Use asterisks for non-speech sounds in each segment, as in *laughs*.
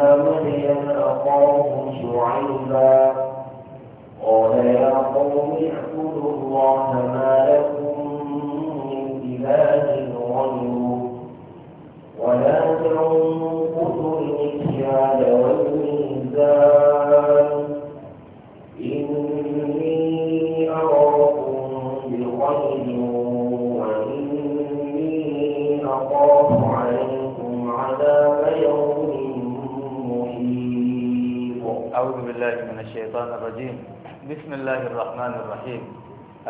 إلى مدين أخاه شعيبا قال يا قوم اعبدوا الله ما الرجيم بسم الله الرحمن الرحيم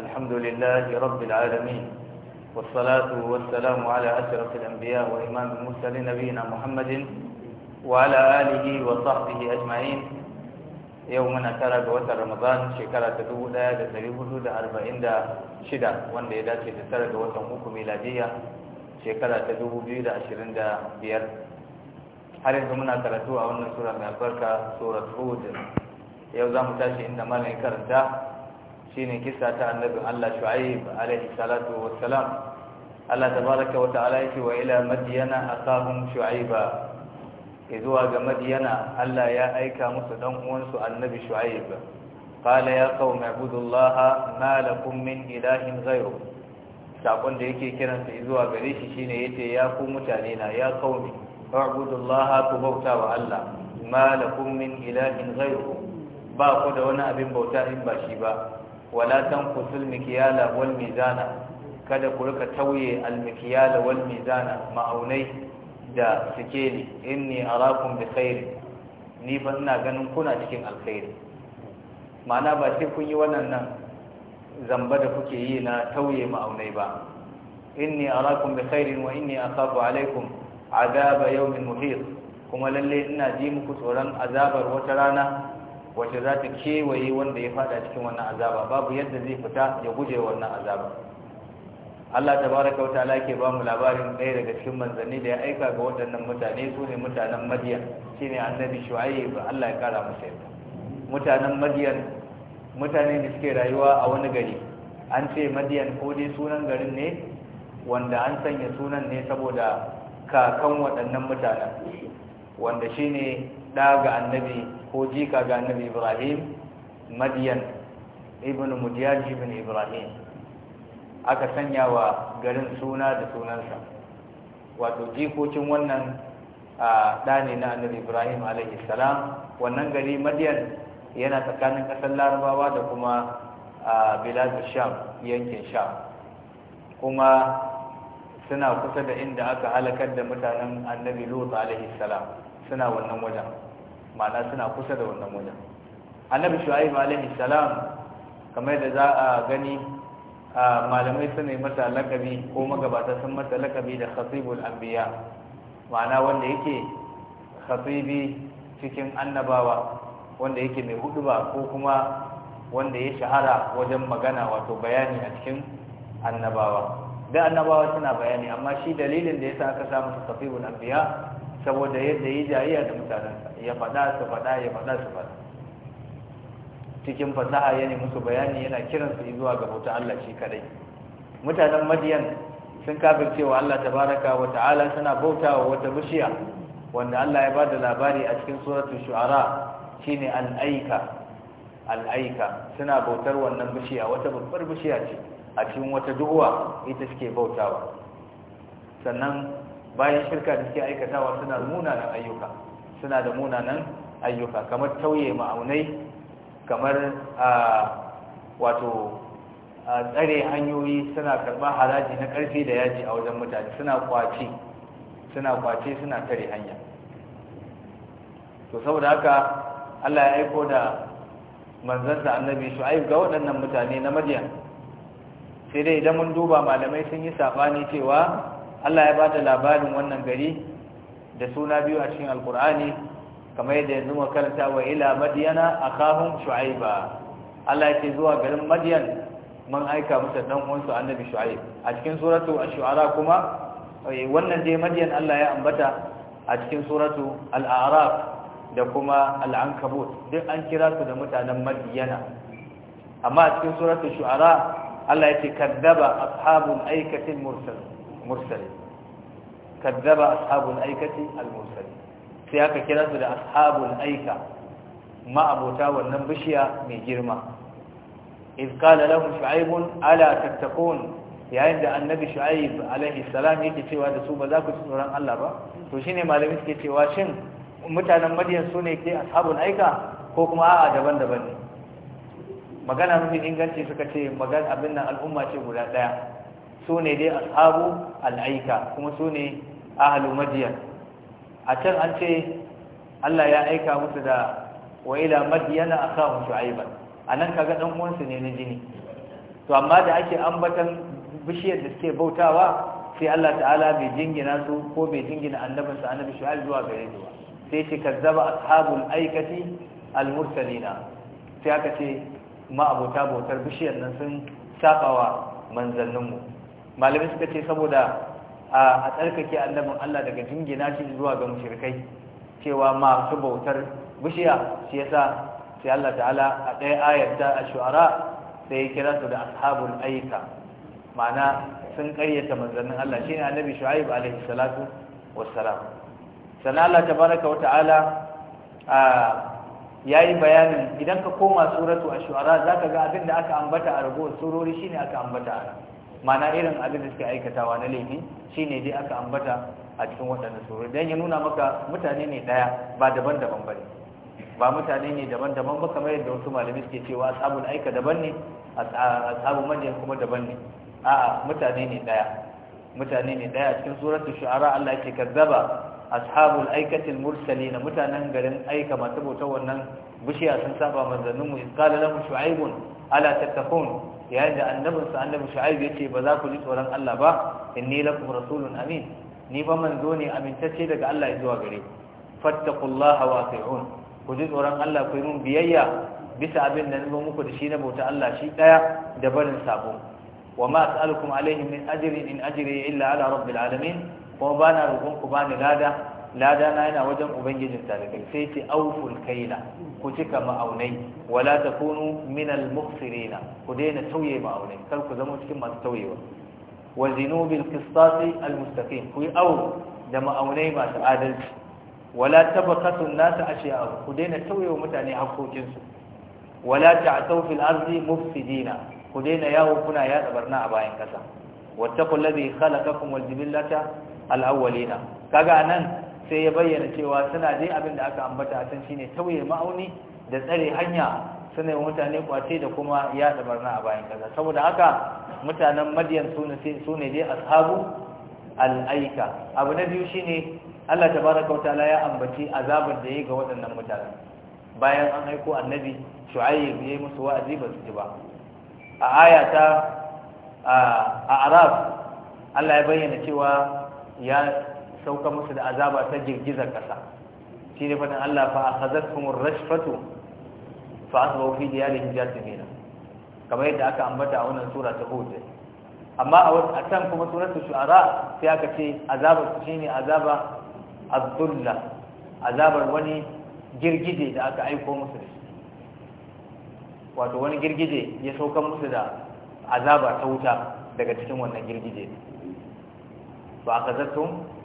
الحمد لله رب العالمين والصلاة والسلام على أشرف الأنبياء وإمام المرسلين نبينا محمد وعلى آله وصحبه أجمعين يوم نترى جوات رمضان شكرا تدو لا تتريه دا أربعين دا شدا وان دا تترى جوات أموك ميلادية شكرا تدو بيدا عشرين دا بيار har yanzu muna karatu a wannan sura mai albarka surat hud yau za mu tashi inda malamin karanta shi ne kisa ta annabin Allah Shu'aib alaihi salatu wassalam Allah tabaraka wa ta'ala yake wa ila madyana akahum Shu'aiba zuwa ga madyana Allah ya aika musu dan uwansu annabi Shu'aib qala ya qaumi ibudullaha ma lakum min ilahin ghayru sakon da yake kiransa zuwa gare shi shine yace ya ku mutane na ya qaumi ibudullaha ku bauta wa Allah ma lakum min ilahin ghayru ba ku da wani abin bauta in ba shi ba wala tanqusul mikiyala wal mizana kada ku rika tauye al mikiyala wal mizana ma'aunai da sikeli inni arakum bi khair ni fa ina ganin kuna cikin alkhair ma'ana ba sai kun yi wannan nan zamba da kuke yi na tauye ma'aunai ba inni arakum bi khair wa inni akhafu alaikum azaba yawmin muhit kuma lalle ina ji muku tsoron azabar wata rana wacce za ta kewaye wanda ya fada cikin wannan azaba babu yadda zai fita ya guje wannan azaba Allah tabaraka wataala ke ba mu labarin ɗaya daga cikin manzanni da ya aika ga waɗannan mutane su ne mutanen Madiyan shine annabi Shu'aib Allah ya kara masa yadda mutanen Madiyan mutane da suke rayuwa a wani gari an ce Madiyan ko dai sunan garin ne wanda an sanya sunan ne saboda kakan waɗannan mutanen wanda shine ɗa ga annabi ko jika ga annabi ibrahim madiyan ibn mudiyaj ibn ibrahim aka sanya wa garin suna da sunansa wato jikokin wannan ɗa ne na annabi ibrahim salam wannan gari madiyan yana tsakanin ƙasar larabawa da kuma biladu sham yankin sham kuma suna kusa da inda aka halakar da mutanen annabi lut alaihi salam suna wannan wajen ma'ana suna kusa da wannan wajen annabi shu'aib alaihi salam kamar da za a gani malamai suna yi masa lakabi ko magabata sun masa lakabi da khatibul anbiya ma'ana wanda yake khatibi cikin annabawa wanda yake mai huduba ko kuma wanda ya shahara wajen magana wato bayani a cikin annabawa da annabawa suna bayani amma shi dalilin da ya sa aka samu khatibul anbiya saboda yadda yi jayayya da mutanensa ya faɗa su faɗa ya faɗa su faɗa cikin fasaha ya nemi bayani yana kiran su zuwa ga bauta Allah shi kadai mutanen madiyan sun cewa Allah tabaraka wa ta'ala suna bautawa wata bishiya wanda Allah ya ba da labari a cikin suratul shu'ara shine al-aika al-aika suna bautar wannan bishiya wata babbar bishiya ce a cikin wata duhuwa ita suke bautawa sannan bayan shirka da suke aikatawa suna munanan ayyuka suna da munanan ayyuka kamar tauye ma'aunai kamar wato tsare hanyoyi suna karba haraji na karfi da yaji a wajen mutane suna kwace suna kwace suna tare hanya to saboda haka Allah ya aiko da manzansa annabi shu'aib ga waɗannan mutane na madiyan sai dai idan mun duba malamai sun yi sabani cewa Allah ya da labarin wannan gari da suna biyu a cikin alkur'ani kamar yadda yanzu mu karanta wa ila madiyana kahun shu'aiba Allah ya ce zuwa garin madiyan mun aika musu dan uwansu annabi shu'aib a cikin suratu ash-shu'ara kuma eh, wannan dai madiyan Allah ya ambata a cikin suratu al-a'raf da kuma al-ankabut duk an kira su da mutanen madiyana amma a cikin suratu shu'ara Allah ya ce kaddaba ashabul aikatil mursalin mursalin kaddaba ashabul aikati al sai aka kira su da ashabul aika ma'abota wannan bishiya mai girma iz qala lahum shu'aib ala tattaqun yayin da annabi shu'aib alaihi salam yake cewa da su ba za ku tsoron Allah ba to shine malami suke cewa shin mutanen madiyan su ne ke ashabul aika ko kuma a'a daban-daban ne magana mafi inganci suka ce magana abin nan al'umma ce guda daya su ne dai ashabu al'aika kuma su ne ahalu madiyan a can an ce Allah ya aika musu da wa ila madiyana akhahum a anan kaga dan uwansu ne na jini to amma da ake ambatan bishiyar da suke bautawa sai Allah ta'ala bai jingina su ko bai jingina annabinsu annabi shu'aib zuwa gare su sai ce zaba ashabul aikati al-mursalina sai aka ce ma abota bautar bishiyar nan sun saɓawa manzanninmu malamai suka ce saboda a tsarkake annabin Allah daga jingina shi zuwa ga mushrikai cewa masu bautar bishiya shi yasa sai Allah ta'ala a ɗaya ayar ta ash-shu'ara sai ya kira su da ashabul aika ma'ana sun ƙaryata manzannin Allah shine annabi shu'aib alaihi salatu wassalam sannan Allah tabaraka wa ta'ala yayi bayanin idan ka koma suratu ash zaka ga abin da aka ambata a ragowar surori shine aka ambata mana irin abin da suke aikatawa na laifi shine dai aka ambata a cikin waɗannan surori dan ya nuna maka mutane ne daya ba daban-daban bane ba mutane ne daban-daban ba kamar yadda wasu malami suke cewa ashabul aika daban ne ashabul madiyan kuma daban ne a'a mutane ne daya mutane ne daya cikin suratul shu'ara Allah yake kazzaba ashabul aikatil mursalin mutanen garin aika masu bautar wannan bishiya sun saba manzanninmu isqala lahu shu'aibun ala tattaqun yayin da su annabi shu'aib yace ba za ku ji tsoron Allah ba inni lakum rasulun amin ni ba manzo ne amintacce daga Allah zuwa gare ku fattaqullaha wa ati'un ku ji tsoron Allah ku yi mun biyayya bisa abin da zo muku da shi na bauta Allah shi daya da barin sabo wa ma as'alukum alayhi min ajrin in ajri illa ala rabbil alamin kuma bana roƙon ku bani lada lada na yana wajen ubangijin talibai sai ce auful kaila ku cika ma'aunai wala takunu minal mukhsirina ku daina tauye ma'aunai kar ku zama cikin masu tauyewa wa zinu bil qistasi al mustaqim ku au da ma'aunai masu adalci wala tabakatu an-nas ashiya'a ku daina tauyewa mutane hakokin su wala ta'tau fil ardi mufsidina ku daina yawo kuna yada barna a bayan kasa wattaqul ladhi khalaqakum wal jibillata al awwalina kaga anan sai ya bayyana cewa suna dai abin da aka ambata a can shine tauye ma'auni da tsare hanya suna yi mutane kwace da kuma yaɗa barna a bayan kaza saboda haka mutanen madiyan su ne dai ashabu al'aika abu na biyu shine Allah tabaraka wataala ya ambaci azabar da yayi ga waɗannan mutane bayan an aiko annabi shu'ayyib yi musu wa'azi ba su ji ba a ayata a arab Allah ya bayyana cewa ya sauka musu da azaba ta girgizar kasa shi ne fadin Allah fa a akhadhatkumur rashfatu fa asbahu fi diyarihim jathimin kamar yadda aka ambata a wannan sura ta Hud amma a wata atan kuma suratul shu'ara sai aka ce shi shine azaba abdullah azabar wani girgije da aka aiko musu da shi wato wani girgije ya sauka musu da azaba ta wuta daga cikin wannan girgije ba a kazartun?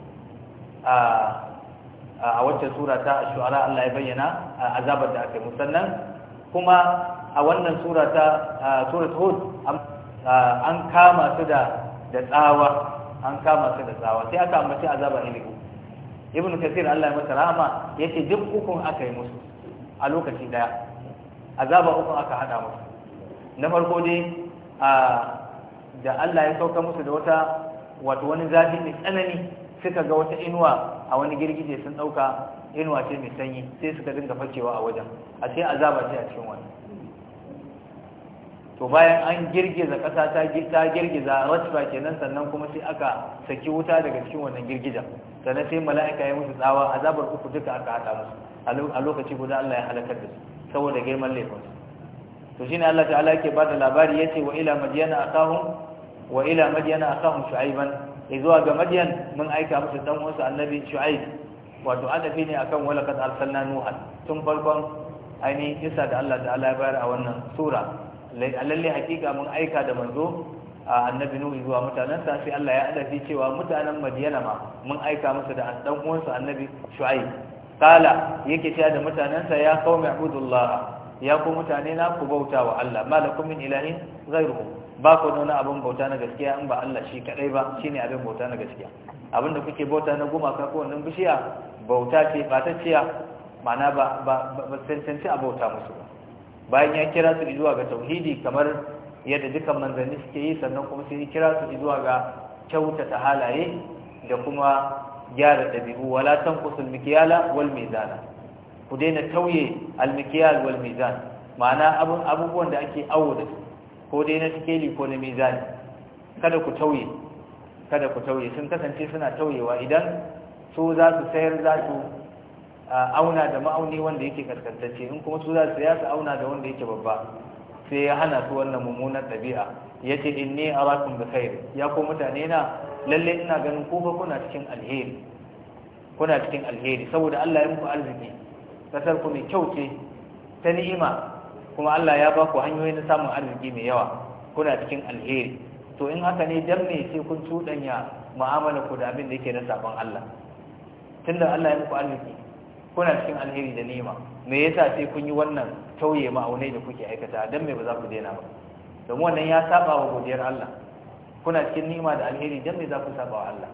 a wacce sura ta shu'ara Allah ya bayyana azabar da aka yi musannan kuma a wannan sura ta surat hud an kama su da da tsawa an kama su da tsawa sai aka ambaci azaba ne ibn kathir Allah ya masa rahama yace duk ukun aka yi musu a lokaci daya azaba uku aka hada musu na farko dai da Allah ya sauka musu da wata wato wani zafi mai tsanani suka ga wata inuwa a wani girgije sun dauka inuwa ce mai sanyi sai suka dinga fakewa a wajen a sai azaba ce a cikin wani to bayan an girgiza ƙasa ta girgiza rasfa kenan sannan kuma sai aka saki wuta daga cikin wannan girgiza sannan sai mala'ika ya musu tsawa azabar uku duka aka hada musu a lokaci guda Allah ya halakar da su saboda girman laifinsu to shine Allah ta'ala yake bada labari yace wa ila madyana akahum wa ila madyana akahum shu'aiban zuwa ga madiyan mun aika musu dan wasu annabi shu'aib wato adafi ne akan walaqad arsalna nuha tun farkon aini isa da Allah ta'ala ya bayar a wannan sura lalle hakika mun aika da manzo a annabi nuhu zuwa mutanensa sai Allah ya adafi cewa mutanen madiyana ma mun aika musu da dan uwansa annabi shu'aib kala yake cewa da mutanensa ya qaumi ibudullah ya ku mutane na ku bauta wa Allah malakum min ilahin ghairuhu ba ku nuna abin bauta na gaskiya in ba Allah shi kadai ba shine abin bauta na gaskiya abin da kuke bauta na gumaka ko wannan bishiya bauta ce ba ta ciya mana ba ba ba sentence a bauta musu ba bayan ya kira su zuwa ga tauhidi kamar yadda dukan manzanni suke yi sannan kuma sai ya kira su zuwa ga kyautata halaye da kuma gyara dabi'u wala tanqusul mikyala wal mizana ku daina tauye al mikyal wal mizan ma'ana abubuwan da ake awo da su ko dai na sikeli ko na mizani kada ku tauye kada ku tauye sun kasance suna tauyewa idan su za su sayar za su auna da ma'auni wanda yake kaskantace in kuma su za su ya su auna da wanda yake babba sai ya hana su wannan mummunar ɗabi'a ya ce in ne a rakun da sayar ya ko mutane na lalle ina ganin ko kuna cikin alheri kuna cikin alheri saboda Allah ya muku arziki kasar ku mai kyau ce ta ni'ima kuma Allah ya baku ku hanyoyi na samun arziki mai yawa kuna cikin alheri to in haka ne dan me sai kun cuɗanya mu'amala ku da abin da yake na sabon Allah tunda Allah ya muku arziki kuna cikin alheri da nima me yasa sai kun yi wannan tauye ma'aunai da kuke aikata dan me ba za ku daina ba don wannan ya saba wa godiyar Allah kuna cikin nima da alheri dan me za ku saba wa Allah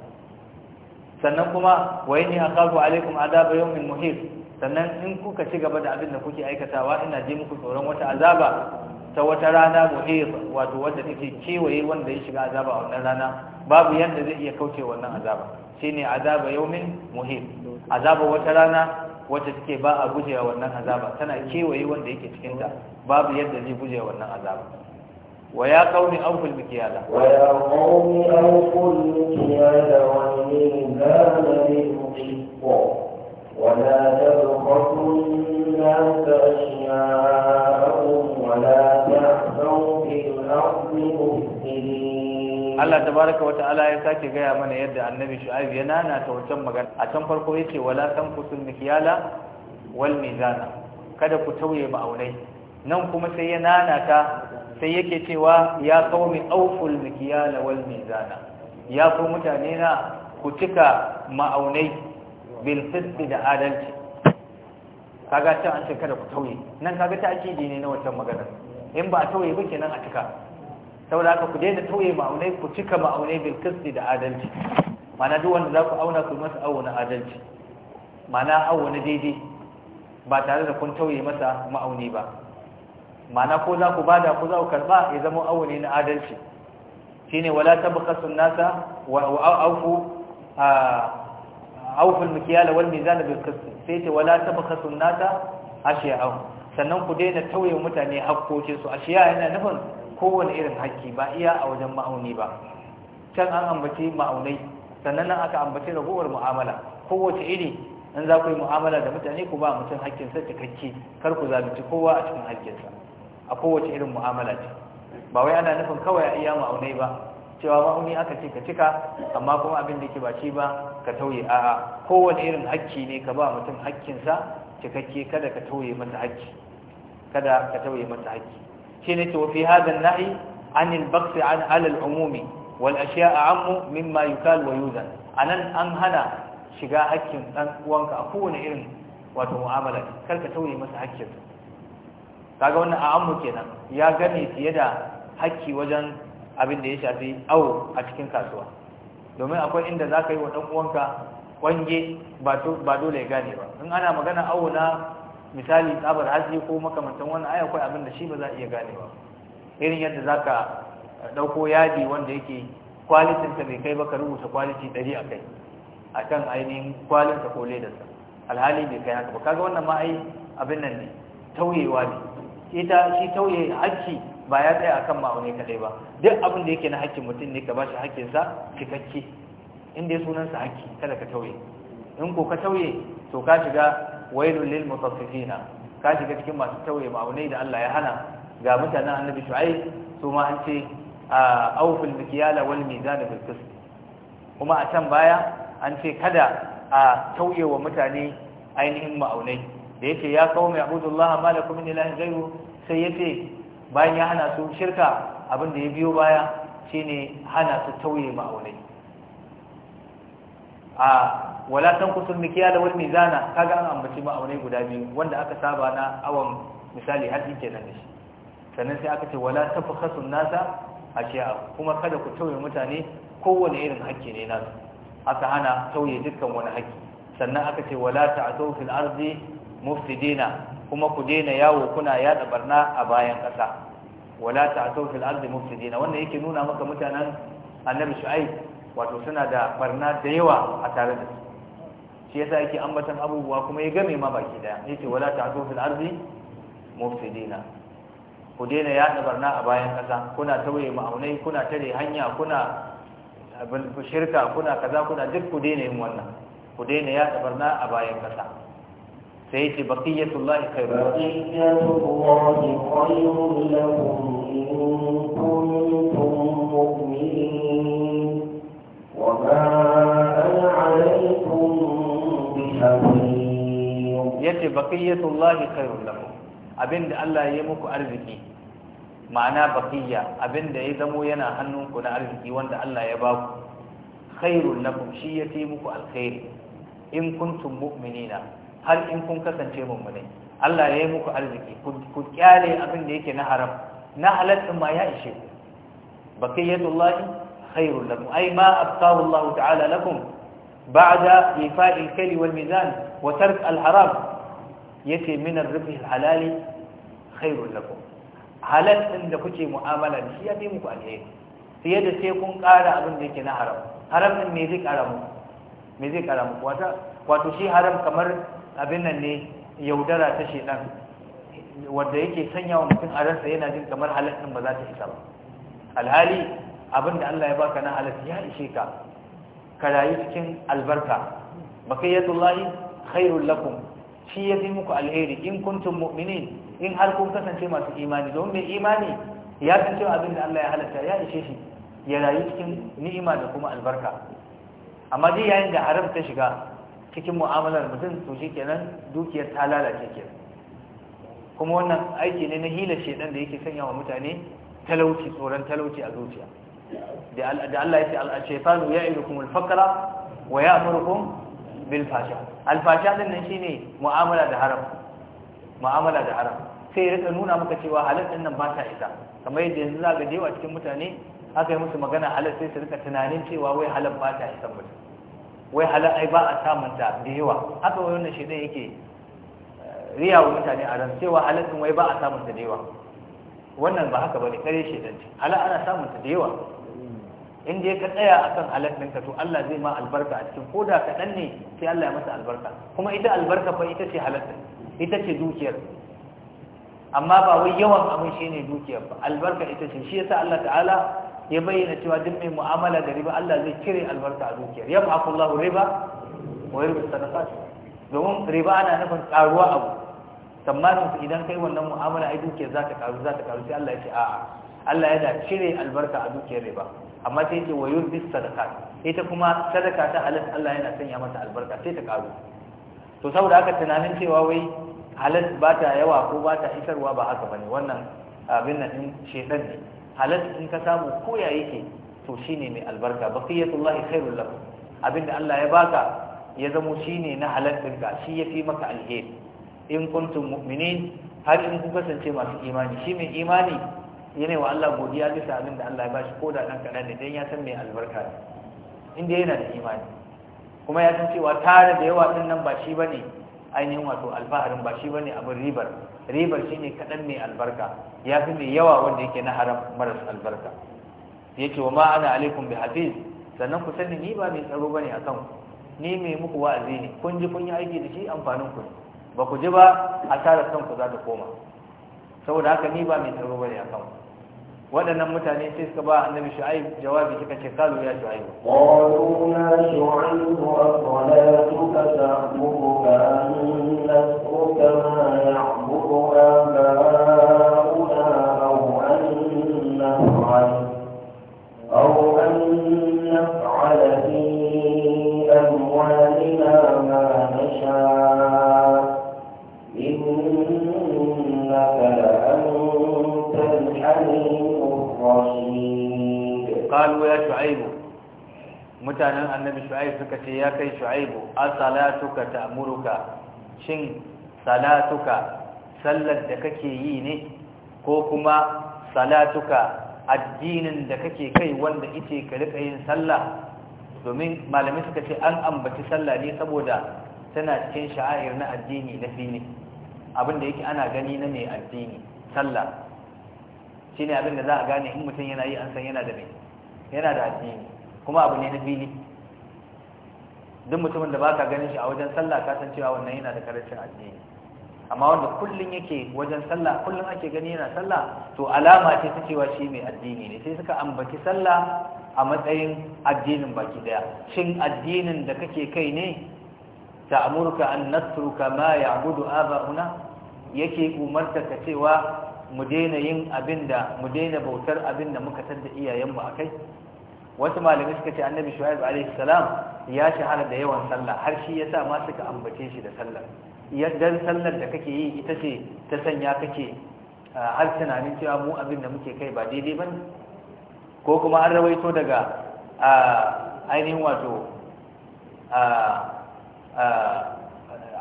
sannan kuma wa inni aqabu alaikum adaba yawmin muhit sannan in kuka ci gaba da abin da kuke aikatawa ina je muku tsoron wata azaba ta wata rana muhir wato wadda take kewaye wanda ya shiga azaba a wannan rana babu yadda zai iya kauce wannan azaba shine azaba yaumin muhir azaba wata rana wacce take ba a gujewa wannan azaba tana kewaye wanda yake cikin ta babu yadda zai gujewa wannan azaba wa ya qaumi awful mikiyala wa ya qaumi awful mikiyala wa min zalika ولا تبخسوا الناس أشياءهم ولا ya sake gaya mana yadda annabi shu'aib ya nana ta wancan magana a can farko yake wala tanqusul mikyala wal mizana kada ku tauye ma'aunai nan kuma sai ya nana ta sai yake cewa ya qaumi auful mikyala wal mizana ya ku mutane na ku cika ma'aunai bilfiski da adalci kaga ta an ce kada ku tauye nan kaga ta akidi ne na wancan maganar in ba a tauye ba kenan a cika saboda haka ku daina tauye ma'aunai ku cika ma'aunai bilfiski da adalci mana duk wanda za ku auna ku masa awo na adalci mana awo na daidai ba tare da kun tauye masa ma'auni ba mana ko za ku bada ko za ku karba ya zama awo ne na adalci shine wala tabqasu nasa wa aufu awful mikyala wal mizan bil qist sai ta wala tabkhasu nata ashiya'u sannan ku daina tauye mutane hakkokin su ashiya yana nufin kowane irin hakki ba iya a wajen ma'auni ba can an ambaci ma'aunai sannan nan aka ambaci ragowar mu'amala kowace iri in za ku yi mu'amala da mutane ku ba mutum hakkinsa cikakke kar ku zalunci kowa a cikin sa a kowace irin mu'amala ce ba wai ana nufin kawai a iya ma'aunai ba cewa ma'auni aka ce ka cika amma kuma abin da ke ba shi ba ka tauye a kowane irin hakki ne ka ba mutum hakkinsa cikakke kada ka tauye masa hakki kada ka tauye masa hakki shi ne cewa fi hadan na'i anil baqsi an alal umumi wal ashiya ammu mimma yukal wa yuzan anan an hana shiga hakkin dan uwanka a kowane irin wato mu'amala kar ka tauye masa hakkin kaga wannan a ammu kenan ya gane fiye da hakki wajen abin da ya shafi awo a cikin kasuwa domin akwai inda za ka yi wa ɗan'uwanka kwange ba dole ya gane ba in ana magana awo na misali tsabar hatsi ko makamantan wannan ai akwai abin da shi ba za a iya gane ba irin yadda za ka ɗauko yadi wanda yake kwalitinsa bai kai ba ka rubuta kwaliti ɗari a kai a kan ainihin kwalinsa ko ledarsa alhali bai kai haka ba kaga wannan ma ai abin nan ne tauyewa ne ita shi tauye hakki ba ya tsaya akan ma'auni kadai ba duk abin da yake na hakkin mutum ne ka bashi hakkin sa cikakke inda sunan sa haki, kada ka tauye in ko ka tauye to ka shiga wailul lil mutaffifina ka shiga cikin masu tauye ma'aunai da Allah ya hana ga mutanen annabi shu'aib su ma an ce awfil mikyala wal mizan bil qist kuma a can baya an ce kada a tauye wa mutane ainihin ma'aunai da yake ya kawo mai abudullahi malakum min ilahin ghayru sai yace bayan ya hana su shirka abin da ya biyo baya ne hana su tauye ma'aunai a wala mikiya da wani mizana kaga an ambaci ma'aunai guda biyu wanda aka saba na awon misali ike nan da shi sannan sai aka ce wala kasu nasa a kuma kada ku tauye mutane kowane irin hakki ne nasu aka hana tauye dukkan wani hakki sannan aka ce wala a tofin mufti mufsidina kuma ku daina yawo kuna yada barna a bayan ƙasa wala ta'tu fil ardi mufsidina wannan yake nuna maka mutanen annabi shu'aib wato suna da barna da yawa a tare da su shi yasa yake ambatan abubuwa kuma ya game ma baki daya yake wala ta'tu fil ardi mufsidina ku daina yada barna a bayan ƙasa kuna tauye ma'aunai kuna tare hanya kuna shirka kuna kaza kuna duk ku daina yin wannan ku daina yada barna a bayan ƙasa sai ce baqiyatullahi khairu baqiyatullahi khairun lakum in kuntum mu'minin wa ma ana alaykum bihafiz yace baqiyatullahi khairun lakum abinda Allah ya yi muku arziki ma'ana baqiya abinda ya zamo yana hannunku na arziki wanda Allah ya baku khairun lakum shi yace muku alkhairi in kuntum mu'minina har in kun kasance mummunai Allah ya yi muku arziki ku kyale abin da yake na haram na halattun ma ya ishe ku baqiyyatullahi khairul lakum ay ma abqahu Allah ta'ala lakum ba'da ifa'il kali wal mizan wa tark al haram yace min ar-ribhi al halali khairul lakum halattun da kuke mu'amala da shi ya fi muku alheri fiye da sai kun kara abin da yake na haram haram din me zai ƙara muku me zai ƙara muku wata wato shi haram kamar abin nan ne yaudara ta ɗan. wanda yake sanya wa mutum a ransa yana jin kamar halittun ba za ta isa ba alhali abin da Allah ya baka na halacci ya ishe ka ka rayu cikin albarka bakiyatullahi khairul lakum shi ya fi muku alheri in kuntum mu'minin in har kun kasance masu imani don mai imani ya san cewa abin da Allah ya halatta ya ishe shi ya rayu cikin ni'ima da kuma albarka amma dai yayin da haram ta shiga cikin mu'amalar mutum to shikenan dukiyar ta lalace kenan kuma wannan aiki ne na hila shedan da yake sanya wa mutane talauci tsoron talauci a zuciya da Allah ya ce al-shaytanu ya'idukum al-faqra wa ya'murukum bil fasha al-fasha din nan shine mu'amala da haram mu'amala da haram sai rika nuna maka cewa halal nan ba ta isa kamar yadda yanzu zaka je wa cikin mutane aka yi musu magana halal sai su rika tunanin cewa wai halal ba ta isa mutum wai halar ba a samunta da yawa haka wani wannan shi yake eh, riya wa mutane a ran cewa wai ba a samunta da yawa wannan ba haka ba ne kare shi dan halar ana samunta da yawa in dai ka tsaya akan halattun ka to Allah zai ma albarka a cikin koda kaɗan ne sai Allah ya masa albarka kuma ita albarka fa ita ce halattun ita ce dukiyar amma ba wai yawan abin shi ne dukiyar ba albarka ita ce shi yasa Allah ta'ala ya bayyana cewa duk mai mu'amala da riba Allah zai cire albarka a dukiyar ya fa Allahu riba wa yurbi sadaqat domin riba ana nufin karuwa abu tsammanin su idan kai wannan mu'amala ai dukiyar za ta karu za ta karu sai Allah ya ce a'a Allah yana cire albarka a dukiyar riba amma sai yake wa yurbi sadaqat ita kuma sadaka ta halal Allah yana sanya mata albarka sai ta karu to saboda haka tunanin cewa wai halal ba ta yawa ko ba ta isarwa ba haka bane wannan abin nan din shedan ne halal in ka samu koya yake to shine mai albarka baqiyatullahi khairul lakum abinda Allah ya baka ya zamo shine na halal ka shi yafi maka alheri in kuntum mu'minin har in ku kasance masu imani shi mai imani yana wa Allah godiya bisa abinda Allah ya bashi ko da dan kadan ne dan ya san mai albarka inda yana da imani kuma ya san cewa tare da yawa din nan ba shi bane ainihin wato alfaharin ba shi bane abin ribar ribar shi ne kaɗan mai albarka ya fi mai yawa wanda yake na haram maras albarka ya ce wa ma ana alaikum bi hafiz sannan ku sani ni ba mai tsaro bane a kan ni mai muku wa'azi ne kun ji kun yi aiki da shi amfanin ku ba ku ji ba a tara asarar ku za ta koma saboda haka ni ba mai tsaro bane a kan waɗannan mutane sai suka ba annabi shu'aib jawabi suka ce kalu ya shu'aib qalu ya shu'aib wa salatuka ta'muruka an nasruka ma ya'muru mutanen annabi shu'aib suka ce ya kai shu'aibu muru-ka ta'muruka shin salatuka sallar da kake yi ne ko kuma salatuka addinin da kake kai wanda ite ka rika yin sallah domin malamai suka ce an ambaci sallah ne saboda tana cikin sha'air na addini na fili abinda yake ana gani na mai addini sallah shi abin da za a gane in mutum yana yi an san yana da mai yana da addini kuma abu ne na fili duk mutumin da baka ganin shi a wajen sallah ka san cewa wannan yana da karancin addini amma wanda kullum yake wajen sallah kullum ake gani yana sallah to alama ce ta cewa shi mai addini ne sai suka ambaci sallah a matsayin addinin baki daya shin addinin da kake kai ne ta amurka an ya ma ya'budu aba'una yake umarta ka cewa mu daina yin abinda mu daina bautar abinda muka tada iyayenmu akai wasu malamai suka ce annabi shu'aib alaihi salam ya shahara da yawan sallah har shi yasa ma suka ambace shi da sallah yaddan sallar da kake yi ita ce ta sanya kake har tunanin cewa mu abin da muke kai ba daidai ba ko kuma an rawaito daga ainihin wato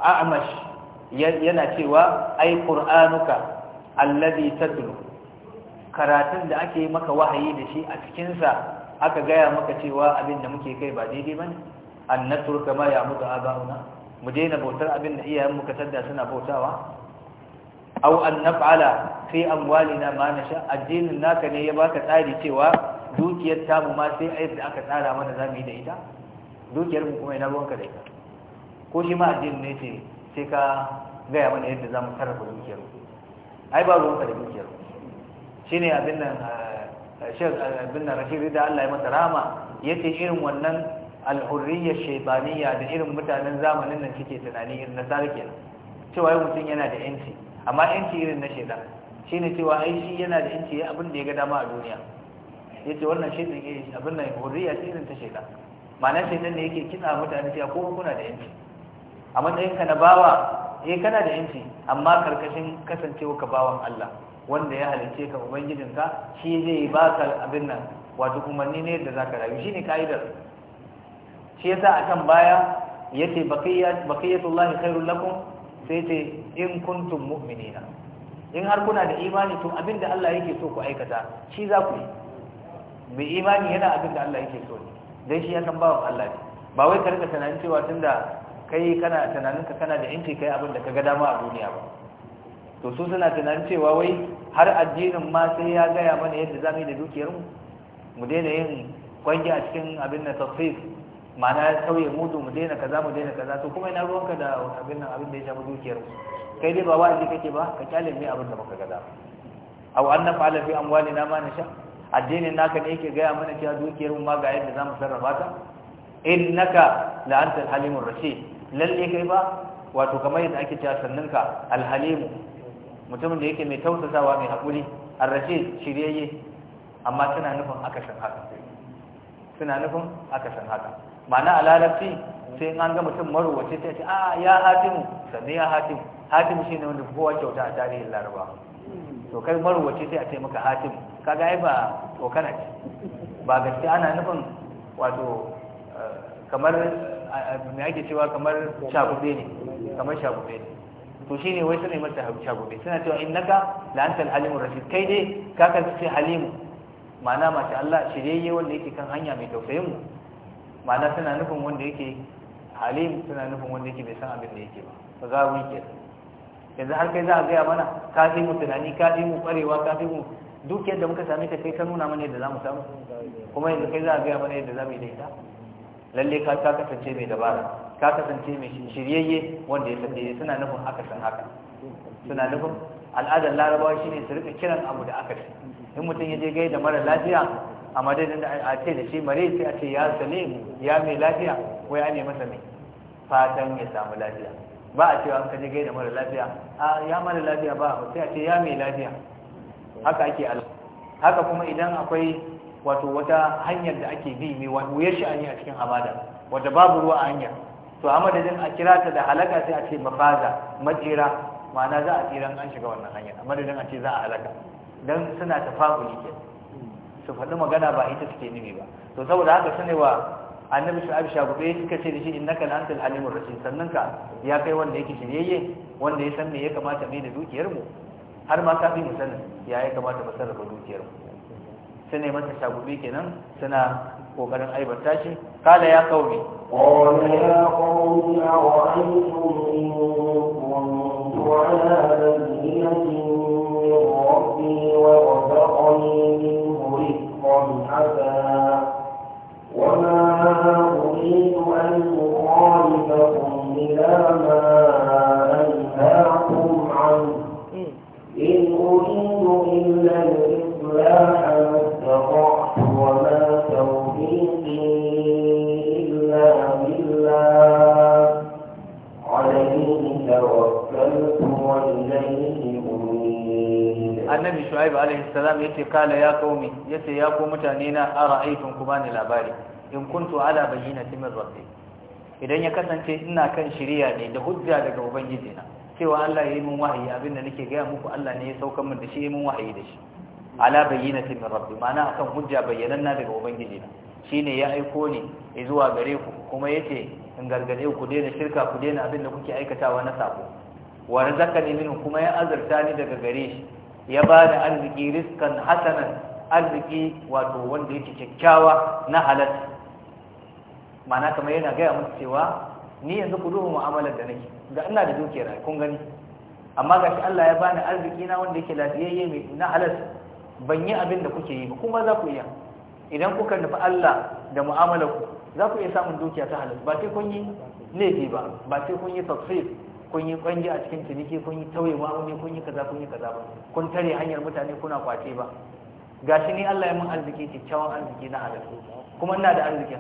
a'amash yana cewa ai Kur'anuka, alladhi tadlu karatun da ake maka wahayi da shi a cikinsa aka gaya maka cewa abin da muke kai ba daidai ba ne an kama ya mutu aba'una mu daina bautar abin da iyayen ka tadda suna bautawa aw an naf'ala fi amwalina ma nasha addinin naka ne ya baka tsari cewa dukiyar ta mu ma sai ayyuka da aka tsara mana zamu yi da ita dukiyar mu kuma ina ruwanka da ita ko shi ma addinin ne ce sai ka gaya mana yadda zamu sarrafa dukiyar mu ai ba ruwanka da dukiyar mu shine abin nan eh, shek eh, abin nan rashidi da Allah ya masa rama yace irin wannan alhurriyar shebaniya da irin mutanen zamanin nan suke tunani irin na sarki cewa yi mutum yana da yanci amma yanci irin na shaitan shi ne cewa ai shi yana da yanci ya abin da ya ga dama a duniya ya ce wannan shaitan ya eh, yi abin nan hurriya ce irin ta shaitan ma'ana shaidan ne yake kitsa mutane cewa ko kuna da yanci a matsayin ka na bawa eh kana da yanci amma karkashin kasancewa ka bawan Allah wanda ya halicce ka ubangijinka shi zai baka abin nan wato umarni ne da zaka rayu Shi ne kaidar shi yasa akan baya yace baqiyatullahi khairul lakum sai ce in kuntum mu'minina in har kuna da imani to abinda Allah yake so ku aikata shi za ku yi mai imani yana abinda Allah yake so ne dan shi yakan bawa Allah ne ba wai karka tunanin cewa tunda kai kana tunanin ka kana da inci kai abinda ka ga dama a duniya ba to su suna tunanin cewa wai har addinin ma sai ya gaya mana yadda zamu yi da dukiyar mu mu daina yin kwangi a cikin abin na tafsir ma'ana ya sauye mudu mu daina kaza mu daina kaza to kuma ina ruwanka da abin nan abin da ya shafi dukiyar mu kai dai ba wa'azi kake ba ka kyale mai abin da baka gaza aw an fa'ala fi amwalina ma nasha addinin naka ne yake gaya mana cewa dukiyar mu ma ga yadda zamu sarrafa ta innaka la antal halimur rashid lalle kai ba wato kamar yadda ake cewa ka alhalimu mutumin da yake mai tausasawa mai hakuri arrashid shiryayye amma suna nufin akasin haka suna nufin akashin haka ma'ana alalafi sai in an ga mutum maruwaci sai ce a ah, ya hatimu sannan ya hatimu hatimu shine wanda kowa kyauta a tarihin laraba to kai maruwaci sai a ce maka hatimu ka ga ba kana ce ba gaske ana nufin wato eh, kamar eh, me ake cewa kamar shagube ne kamar shagube ne to shine wai suna yi masa shagube suna cewa innaka naka la'antar halimur rashid kai dai ka kan ce halimu ma'ana masha Allah shirye yi wanda yake kan hanya mai tausayin mu ma'ana suna nufin wanda yake halim suna nufin wanda yake bai san abin da yake ba ba za mu yi yanzu har kai za a gaya mana ka fi mu tunani ka fi mu kwarewa ka fi mu duk yadda muka same ka kai ka nuna mana yadda za mu samu kuma yanzu kai za a gaya mana yadda za mu yi da lalle ka ka kasance mai dabara ka kasance mai shiryayye wanda ya san daidai suna nufin haka san haka suna nufin al'adar larabawa shine su rika kiran abu da aka ci in mutum ya je gai da mara lafiya a madadin da a ce da shi mare sai a ce ya salim ya mai lafiya ko ya ne masa mai fatan ya samu lafiya ba a cewa an kaje gai da mara lafiya a ya mara lafiya ba sai a ce ya mai lafiya haka ake al haka kuma idan akwai wato wata hanyar da ake bi mai wuyar sha'ani a cikin hamada wata babu ruwa a hanyar to a madadin a kira ta da halaka sai a ce mafaza majira ma'ana za a tsira an shiga wannan hanyar a madadin a ce za a halaka don suna tafa'uli kenan su faɗi magana ba ita suke nimi ba to saboda haka ne wa annabi shu'aib shagube suka ce da shi in naka lantal alimur rashin sannan ka ya kai wanda yake shiryayye wanda ya san me ya kamata mai da dukiyarmu? har ma ka fi mu sanin ya ya kamata mu sarrafa dukiyar mu ne masa shagube kenan suna kokarin aibarta shi kala ya kaumi qala ya qaumi a'antum in kuntum الله وما أريد أن أخالفكم إلى ما annabi shu'aib alaihi salam ce kala ya qaumi yace ya ku mutane na ara'aytum ku bani labari in kuntu ala bayyinati min rabbi idan ya kasance ina kan shirya ne da hujja daga ubangiji na cewa Allah ya yi min wahayi abinda nake gaya muku Allah ne ya saukar min da shi ya yi min wahayi da shi ala bayyinati min rabbi ma'ana akan hujja na daga ubangiji na ne ya aiko ni zuwa gare ku kuma yace in gargade ku daina shirka ku daina abin da kuke aikatawa na sako wa razaqani minhu kuma ya azurta ni daga gare shi ya ba da arziki riskan hasanan arziki wato wanda yake kyakkyawa na halal mana kamar yana gaya musu cewa ni yanzu ku duba mu'amalar da nake ga ina da dukiyar kun gani amma ga shi Allah ya bani arziki na wanda yake lafiyayye mai na halal ban yi abin da kuke yi ba kuma za ku iya idan kuka nufi Allah da mu'amalar ku za ku iya samun dukiya ta halal ba sai kun yi ne ba ba sai kun yi tafsir kun yi kwanji a cikin ciniki kun yi tauye ma'amuni kun yi kaza kun yi kaza ba kun tare hanyar mutane kuna kwace ba Ga shi ni Allah ya mun arziki kyakkyawan arziki na halal kuma ina da arzikin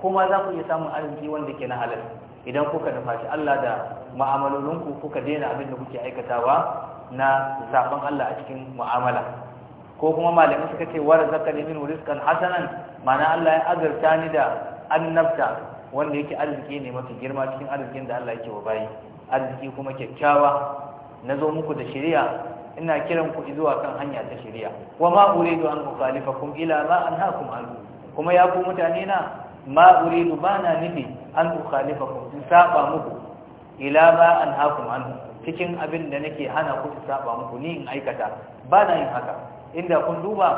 kuma za ku iya samun arziki wanda ke na halal idan kuka nufa shi Allah da ku kuka daina abin da kuke aikatawa na sabon Allah a cikin mu'amala ko kuma malamai suka ce war zakani min rizqan hasanan mana Allah ya azurta ni da annabta wanda yake arziki ne mafi girma cikin arzikin da Allah yake wa bayi arziki kuma kyakkyawa na zo muku da shirya ina kiran ku zuwa kan hanya ta shirya wa ma uridu an kum ila ma anhaakum an kuma ya ku mutane na ma uridu bana nufi an kum in saba muku ila ma anhaakum an cikin abin da nake hana ku su saba muku ni in aikata bana yin haka inda kun duba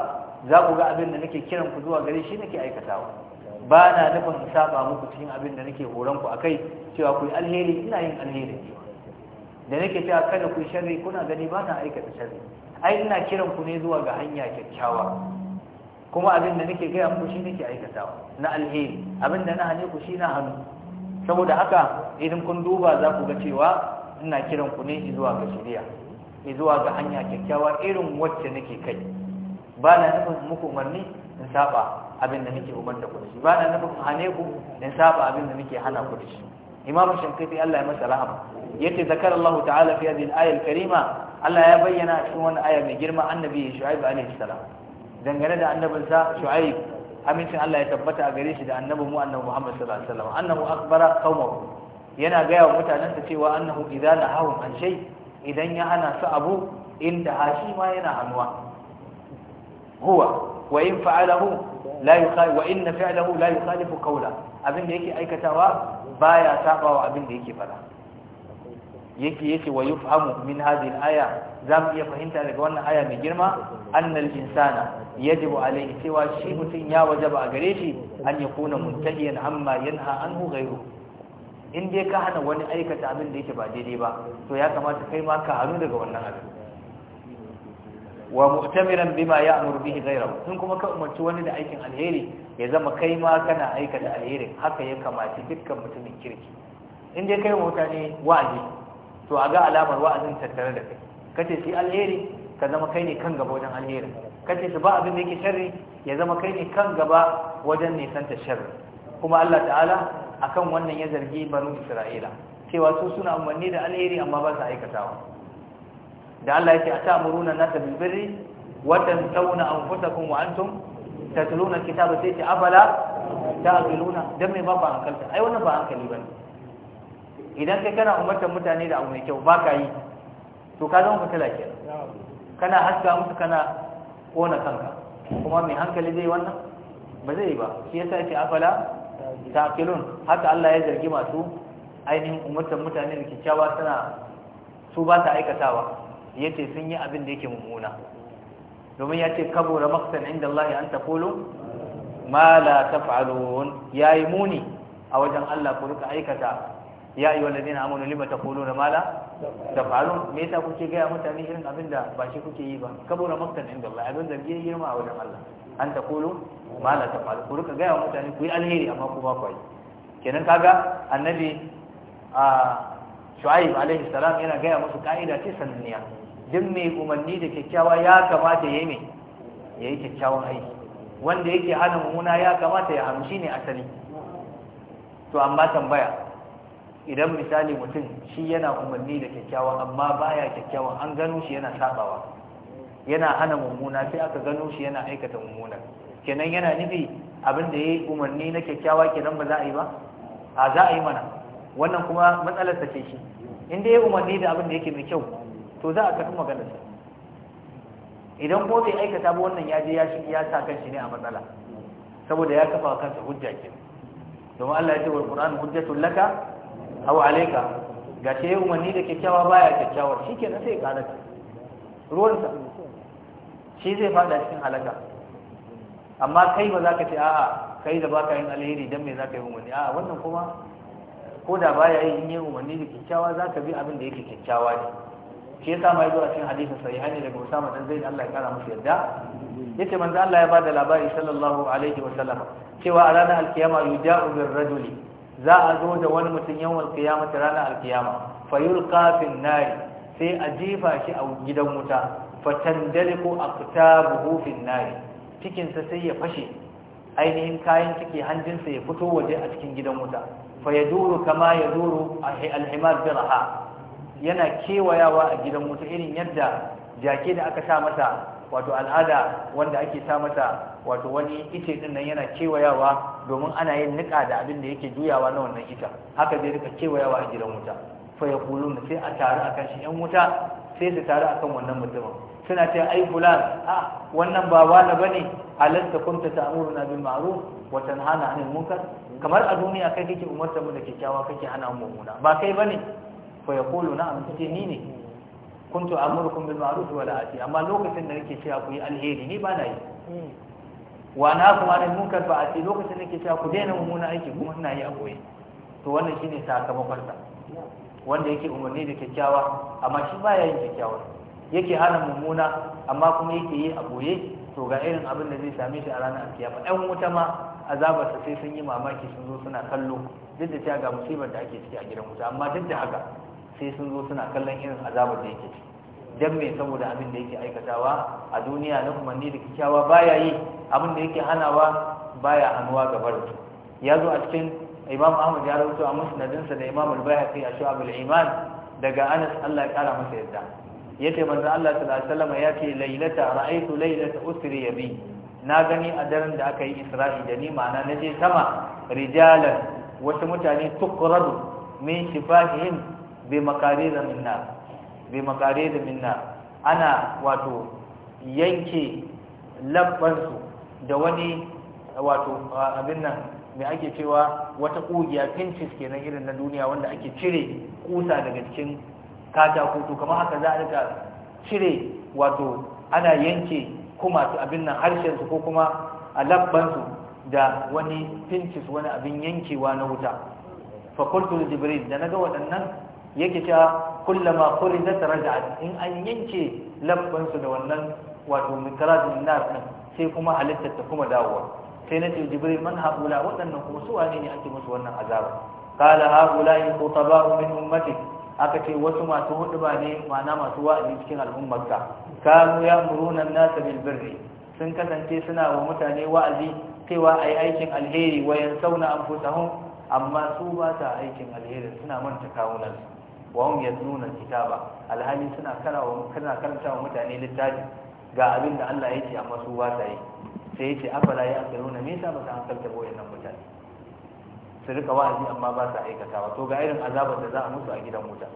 za ku ga abin da nake kiran ku zuwa gare shi nake aikatawa ba na nufin in saba muku cikin abin da nake horon ku akai cewa ku yi alheri ina yin alheri ne da nake cewa kada ku yi sharri kuna gani ba na aikata sharri ai ina kiran ku ne zuwa ga hanya kyakkyawa kuma abin da nake gaya muku shi nake aikatawa na alheri abin da na hane ku shi na hannu saboda haka idan kun duba za ku ga cewa ina kiran ku ne zuwa ga shari'a zuwa ga hanya kyakkyawa irin wacce nake kai ba na nufin muku umarni in saba abin da nake umarta ku da shi ba na nufin hane ku in saba abin da nake hana ku da shi imamu shinkifi Allah ya masa rahama yace zakar Allah ta'ala fi hadhihi al-aya al-karima Allah ya bayyana a cikin wannan aya mai girma annabi Shu'aib alaihi salam dangane da annabinsa Shu'aib amincin Allah ya tabbata a gare shi da annabi mu annabi Muhammad sallallahu alaihi wasallam annahu akhbara qaumahu yana gaya wa mutanansa cewa annahu idza nahahum an shay idan ya hana su abu inda hashi ma yana hannuwa huwa wa in fa'alahu la yukhali wa in fa'alahu la yukhalifu qawla abin da yake aikatawa baya sabawa abin da yake fada yake yake wa yufhamu min hadhihi al-aya zamu iya fahimta daga wannan aya mai girma annal insana yajibu alayhi cewa shi mutun ya wajaba a gare shi an yakuna muntahiyan amma yanha anhu ghayru in dai ka hana wani aikata abin da yake ba daidai ba to ya kamata kai ma ka hanu daga wannan abin wa mu'tamiran bima ya'muru bihi ghayrahu in kuma ka umarci wani da aikin alheri ya zama kai ma kana da alheri? haka ya kamata, dukkan mutumin kirki in dai kai mutane wa'azi to a ga alamar wa'azin tattare da kai kace shi alheri ka zama kai ne kan gaba wajen alherin kace shi ba abin da yake sharri ya zama kai ne kan gaba wajen nisanta sharri kuma Allah ta'ala akan wannan ya zargi banu Isra'ila cewa su suna umarni da alheri amma ba su aikatawa da Allah yake atamuruna nasa bil birri wa tantawna anfusakum wa antum tatluna alkitaba sai ce afala ta'qiluna dan me ba ba hankalta ai wannan ba hankali bane idan kai kana umartar mutane da abu mai kyau ba ka yi to ka zama fitila ke kana haska musu kana kona kanka kuma mai hankali zai wannan ba zai ba shi yasa yake afala taqilun haka Allah ya zargi masu ainihin umartar mutane da kyakkyawa suna su ba ta aikatawa yace sun yi abin da yake mummuna domin yace kabura maqtan inda Allah an taqulu ma la ya yi muni a wajen Allah ku rika aikata ya yi ayyuhal ladina amanu lima taquluna mala la taf'alun me yasa kuke ga mutane irin abin da ba shi kuke yi ba kabura maqtan inda Allah abin da ke girma a wajen Allah an ta taqulu ma la taf'alun ku rika ga mutane ku yi alheri amma ku ba ku yi kenan kaga annabi a shu'aib alaihi salam yana gaya musu ka'ida ce sananniya duk mai umarni da kyakkyawa ya kamata ya yi ya yi kyakkyawan aiki wanda yake hana mummuna ya kamata ya ne a asali to amma tambaya idan misali mutum shi yana umarni da kyakkyawa amma baya kyakkyawa an gano shi yana sabawa yana hana mummuna sai aka gano shi yana aikata mummuna kenan yana nufi abin da ya yi umarni na kyakkyawa kenan ba za a yi ba a za a yi mana wannan kuma matsalar ta ce shi in dai ya umarni da abin da yake mai kyau to za a kafin maganarsa, sa idan ko bai aikata ba wannan ya ya shi ya sa kanshi ne a matsala saboda ya kafa kansa hujja ke domin Allah ya ce wa Qur'an hujjatul laka aw alayka gashi ce umanni da kyakkyawa baya kyakkyawa shikenan sai ya ruwan ruwansa shi zai fada cikin halaka amma kai ba za ka ce a'a kai da baka yin alheri dan me za ka yi umarni a'a wannan kuma ko da baya yin yin umarni da kyakkyawa za ka bi abin da yake kyakkyawa ne shi yasa ma yazo a cikin hadisin sahihan ne daga Usama dan zai Allah ya kara musu yadda yace manzo Allah ya da labari sallallahu alaihi wa sallam cewa a ranar alkiyama yuja'u bir rajuli za a zo da wani mutum yawan ta ranar alkiyama fayulqa fil nari sai a jefa shi a gidan wuta fatandaliku aqtabuhu fil nari cikin sa sai ya fashe ainihin kayan ciki hanjinsa ya fito waje a cikin gidan wuta fayaduru kama yaduru alhimar birha yana kewayawa a gidan wuta irin yadda jake da aka sa mata wato al'ada wanda ake sa mata wato wani ice din nan yana kewayawa domin ana yin nika da abin da yake juyawa na wannan ita haka zai rika kewayawa a gidan wuta fa kulun sai a taru akan shi yan wuta sai su taru akan wannan mutumin suna ce ai fulan a wannan ba wala bane alasta kunta ta'muruna bil ma'ruf wa tanhana 'anil munkar kamar a duniya kai kake umarta mu da kyakkyawa kake hana mu ba kai bane fa na amince kace ni ne kuntu amurukum bil ma'ruf wala ati amma lokacin da nake cewa ku yi alheri ni ba na yi wa na kuma ne munkar ba ati lokacin da nake cewa ku daina mummuna aiki kuma ina yi a goye to wannan shine sakamakon sa wanda yake umarni da kyakkyawa amma shi baya yin kyakkyawa yake hana mummuna amma kuma yake yi a goye to ga irin abin da zai same shi a ranar alkiyama ɗan wuta ma azabarsa sai sun yi mamaki sun zo suna kallo duk da cewa ga musibar da ake ciki a gidan wuta amma duk da haka sai sun zo suna kallon irin azabar da yake dan me saboda abin da yake aikatawa a duniya na umarni da kikkiawa baya yi abin da yake hanawa baya hannuwa ga barin ya zo a cikin imam ahmad ya rawaito a musnadinsa da imam al-bayhaqi a al iman daga anas Allah ya kara masa yadda yace manzo Allah sallallahu alaihi wasallam yace lailata ra'aytu lailata usri bi na gani a daren da aka yi isra'i da ni ma'ana naje sama rijalan wasu mutane tuqradu min shifahihim bi maqarir minna bi minna ana wato yanke labbansu da wani wato abin nan mai ake cewa wata kugiya pinches kenan irin na duniya wanda ake cire kusa daga cikin katako to kamar haka za a rika cire wato ana yanke kuma su abin nan harshen su ko kuma a labban da wani pinches wani abin yankewa na wuta fa qultu jibril da ga waɗannan yake ta kullama khuridat raja'at in an yanke labban su da wannan wato mikrad min sai kuma halittar ta kuma dawowa sai nace jibril man haula waɗannan kuma su wane ne ake musu wannan azaba qala haula khutaba'u min ummati aka ce wasu masu huduba ne ma'ana masu wa'azi cikin al'ummarka kanu ya'muruna an-nasa bil birri sun kasance suna wa mutane wa'azi cewa ai aikin alheri wayan sauna anfusahum amma su ba ta aikin alheri suna manta kawunansu wa hum yatluna kitaba alhali suna karanta wa mutane littafi ga abin da Allah yake amma su ba sai sai yace afala ya akaluna me yasa baka ta hankalta boye nan mutane su rika wa'azi amma ba sa aikatawa to ga irin azabar da za a musu a gidan wuta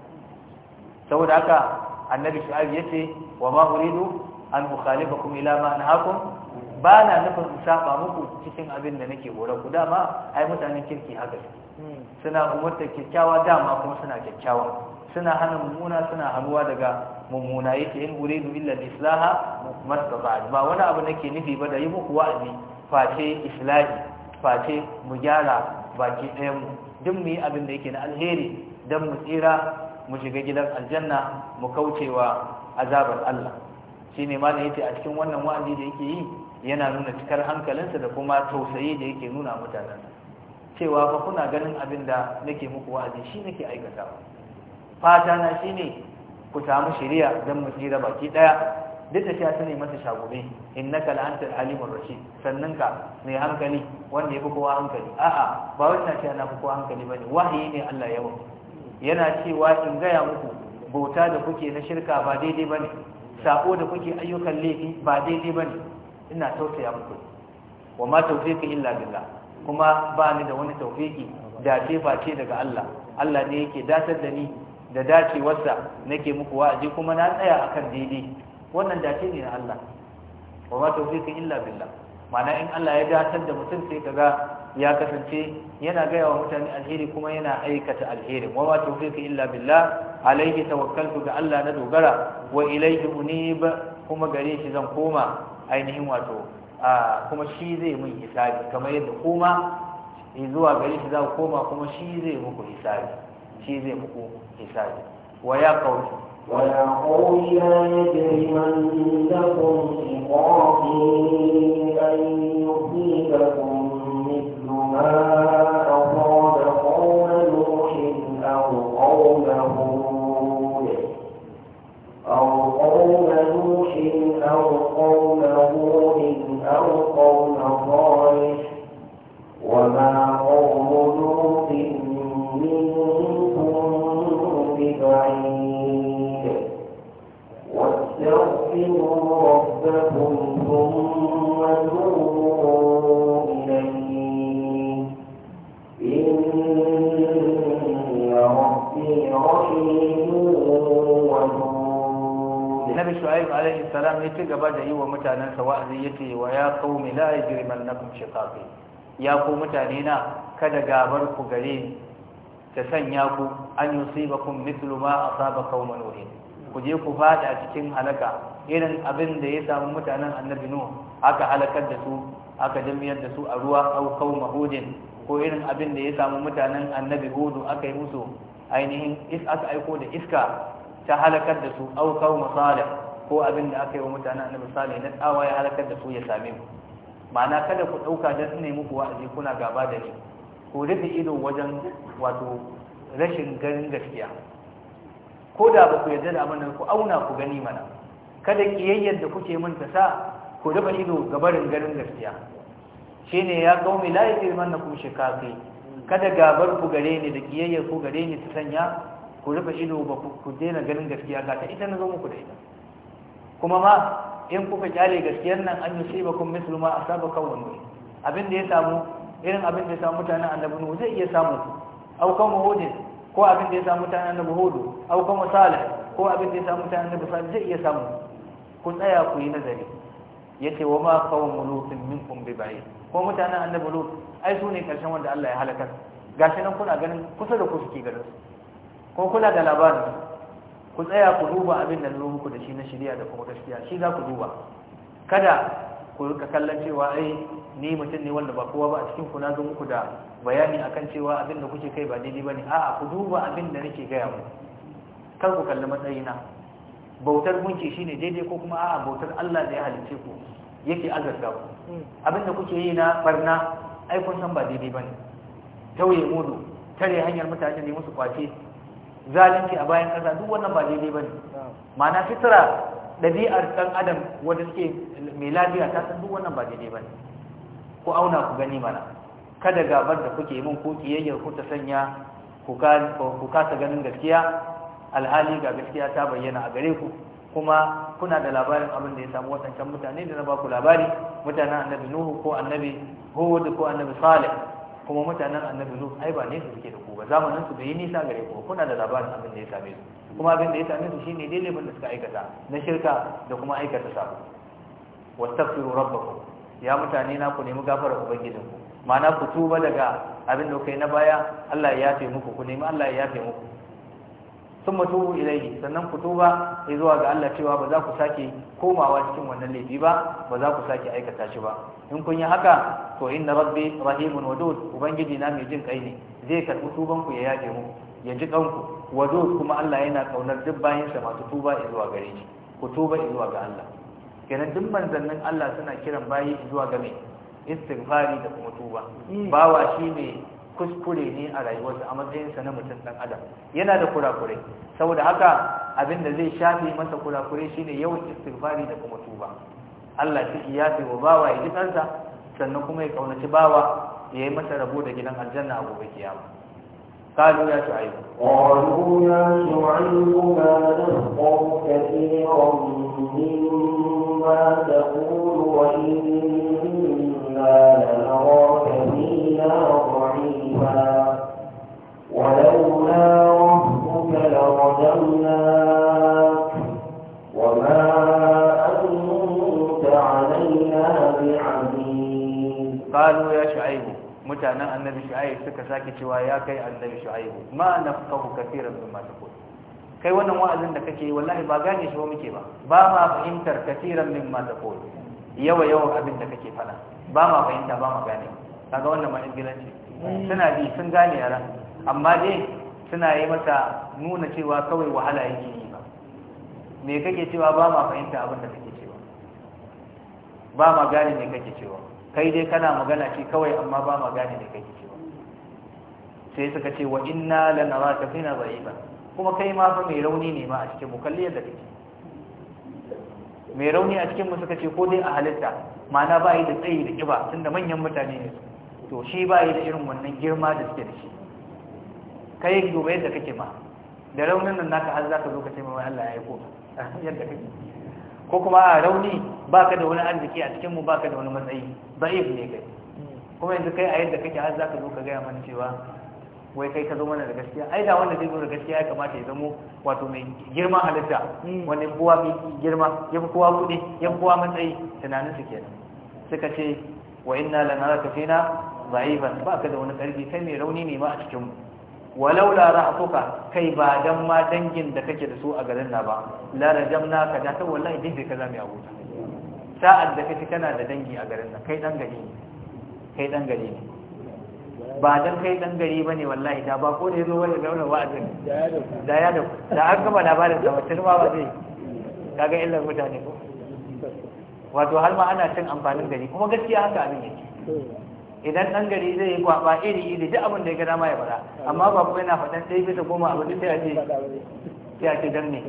saboda haka annabi shu'aib yace wa ma uridu an ukhalifakum ila ma anhaakum ba na nufin saba muku cikin abin da nake gore ku dama ai mutanen kirki haka hmm. suna umarta kyakkyawa dama kuma suna kyakkyawa suna hana mummuna suna hanuwa daga mummuna yake in uridu illa islaha mastata'at ba wani abu nake nufi ba da yi muku wa'azi face islahi face mu gyara baki ɗayan mu duk mu yi abin da yake na alheri dan mu tsira mu shiga gidan aljanna mu kaucewa azabar Allah shine ma da yake a cikin wannan wa'azi da yake yi yana nuna cikar hankalinsa da kuma tausayi da yake nuna mutanen cewa fa kuna ganin abin da nake muku wa'azi shi nake aikata fata na shi ne ku samu shari'a don mu tsira baki daya duk da ta ne masa shagube innaka la'anta al-alimur rashid sannan ka mai hankali wanda yafi kowa hankali a'a ba wannan ce ana kowa hankali bane wahayi ne Allah ya yana cewa in gaya muku bauta da kuke na shirka ba daidai bane saƙo da kuke ayyukan laifi ba daidai bane ina tausaya muku wa ma tawfiqi illa billah kuma ba ni da wani tawfiqi da ce ba daga Allah Allah ne yake datar da ni da dacewarsa nake muku wa'azi kuma na tsaya akan daidai wannan dace ne na Allah wa ma tawfiqi illa billah ma'ana in Allah ya datar da mutum sai kaga ya kasance yana gaya wa mutane alheri kuma yana aikata alheri wa ma tawfiqi illa billah alayhi tawakkaltu ga Allah na dogara wa ilayhi unib kuma gare shi zan koma ainihin wato kuma shi zai mun hisabi kamar yadda kuma zuwa gari shi za ku koma kuma shi zai muku hisabi shi zai muku hisabi wa ya qauli wa ya qauli la yajrimannakum iqabi an yusibakum mithlu ma asaba qawma nuhin aw نوح أو قوم هود أو قوم صالح وما wasallam ya ci gaba da yi wa mutanensa wa'azi yake wa ya qaumi la yajrimannakum shiqaqi ya ku mutane na kada gabar ku gare ni ta sanya ku an yusibakum mithlu ma asaba qauman nuh ku je ku fada a cikin halaka irin abin da ya samu mutanen annabi nu aka halakar da su aka jami'ar da su a ruwa au qauma hudin ko irin abin da ya samu mutanen annabi hudu aka yi musu ainihin is aka aiko da iska ta halakar da su au qauma salih ko abin da aka yi wa mutane annabi salih na tsawa ya halakar da su ya same mu ma'ana kada ku ɗauka don su ne muku aje kuna gaba da ni ku rufe ido wajen wato rashin ganin gaskiya ko da ba ku yarda da abin nan ku auna ku gani mana kada kiyayyar da kuke min ta sa ku rufe ido ga barin ganin gaskiya shine ya kaumi la yajrimannakum kai kada gabar ku gare ni da kiyayyar ku gare ni ta sanya ku rufe ido ba ku daina ganin gaskiya ga ta ita na zo muku da ita kuma ma in kuka kyale gaskiyar nan an yi sai bakun mislu ma a saba kawon abin da ya samu irin abin da ya samu mutanen annabi nuhu zai iya samu aukan muhudin ko abin da ya samu mutanen annabi hudu aukan misali ko abin da ya samu mutanen annabi salih zai iya samu ku tsaya ku yi nazari yace wa ma mulukin min minkum bi bai ko mutanen annabi lu ai su ne karshen wanda Allah ya halaka gashi nan kuna ganin kusa da ku suke garin ko kula da labarin ku tsaya ku duba abin da zo muku da shi na shirya da kuma gaskiya shi za ku duba kada ku rika kallon cewa ai ni mutum ne wanda ba kowa ba a cikin ku zo muku da bayani akan cewa abin da kuke kai ba daidai bane a'a ku duba abin da nake gaya mu kar ku kalli matsayina bautar gunki shine daidai ko kuma a'a bautar Allah da ya halicce ku yake azarta ku abin da kuke yi na barna ai kun san ba daidai bane tauye mudu tare hanyar mutane ne musu kwace zalunci a bayan kasa duk wannan ba daidai ba ne ma'ana fitra ɗabi'ar ɗan adam wanda suke mai lafiya ta san duk wannan ba daidai ba ne ku auna ku gani mana kada gabar da kuke yi min ko kiyayyar ku ta sanya ku kasa ganin gaskiya alhali ga gaskiya ta bayyana a gare ku kuma kuna da labarin abin da ya samu waɗancan mutane da na ba ku labari mutanen annabi nuhu ko annabi hud ko annabi salih kuma mutanen annabi nuh ai ba ne su suke da ku ba zamanin su bai yi nisa gare ku kuna da labarin abin da ya same su kuma abin da ya same su shine dai laifin da suka aikata na shirka da kuma aikata sa wastaghfiru rabbakum ya mutane na ku nemi gafara ubangijinku ma'ana ku tuba daga abin da kai na baya Allah ya yafe muku ku nemi Allah ya yafe muku sun matubu ilaihi sannan ku tuba zuwa ga Allah cewa ba za ku sake komawa cikin wannan laifi ba ba za ku sake aikata shi ba in kun yi haka to inna rabbi rahimun wadud ubangiji na mai jin kai ne zai karbi tuban ku ya yaje mu ya ji kanku wadud kuma Allah yana kaunar duk bayan sa masu tuba ya zuwa gare shi ku tuba zuwa ga Allah kenan duk manzannin Allah suna kiran bayi zuwa ga mai istighfari da kuma tuba hmm. bawa shi ne kuskure ne a rayuwarsa a matsayinsa na mutum ɗan adam yana da kurakurai saboda haka abin da zai shafe masa kurakurai shine yawan istighfari da kuma tuba Allah shi ya fi wa bawa ya ji kansa sannan kuma ya kaunaci bawa ya yi masa rabo da gidan aljanna a gobe kiyama قالوا يا شعيب قالوا يا شعيب ما نفقه كثيرا مما تقول وإنا لنراك فينا mutanen annabi shu'aib suka sake cewa ya kai annabi shu'aib ma nafqahu katiran mimma taqul kai wannan wa'azin da kake yi wallahi ba gane shi ba muke ba ba ma fahimtar katiran mimma taqul yawa yawan abin da kake fada ba ma fahimta ba ma gane kaga wannan ma ingilanci suna bi sun gane yaran amma dai suna yi mata nuna cewa kawai wahala yake yi ba me kake cewa ba ma fahimta abin da kake cewa ba ma gane me kake cewa kai dai kana magana ce kawai amma ba ma gane me kake cewa sai suka ce wa inna lanaraka fina dha'ifa kuma kai ma fa mai rauni ne ma a cikin mu kalli yadda kake mai rauni a cikin mu suka ce ko dai a halitta ma'ana ba yi da tsayi da kiba tunda manyan mutane ne su to shi ba yi da irin wannan girma da suke da shi kai dubai da kake ma da raunin nan naka har zaka zo ka taimaka wa Allah ya aiko *laughs* yadda kake ko kuma a rauni baka da wani arziki a cikin mu baka da wani matsayi da'if ne kai kuma yanzu kai a yadda kake har zaka zo ka gaya mana cewa wai kai ka zo mana da gaskiya ai da wanda zai zo da gaskiya ya kamata ya zamo wato mai girma halitta wani kowa mai girma ya fi kowa kuɗi ya fi kowa matsayi tunanin su kenan suka ce wa inna lanaraka fina ضعيفا ba ka da wani ƙarfi kai mai rauni ne ma a cikin walau la rahatuka kai ba dan ma dangin da kake da su a garin na ba la rajamna ka da ta wallahi din da sa'ad da kana da dangi a garin nan kai dan gari ne dan kai gari bane wallahi da ba ko ne zo wani zauna wa'azin da ya da da an gama labarin da ba kaga illar mutane wato har ma ana cin amfanin gari kuma gaskiya haka abin yake idan ɗan gari zai yi kwaba iri iri duk abin da ya gada ma ya fara amma ba kuma yana faɗan ɗaya bisa goma abu da sai a ce sai a ce dan ne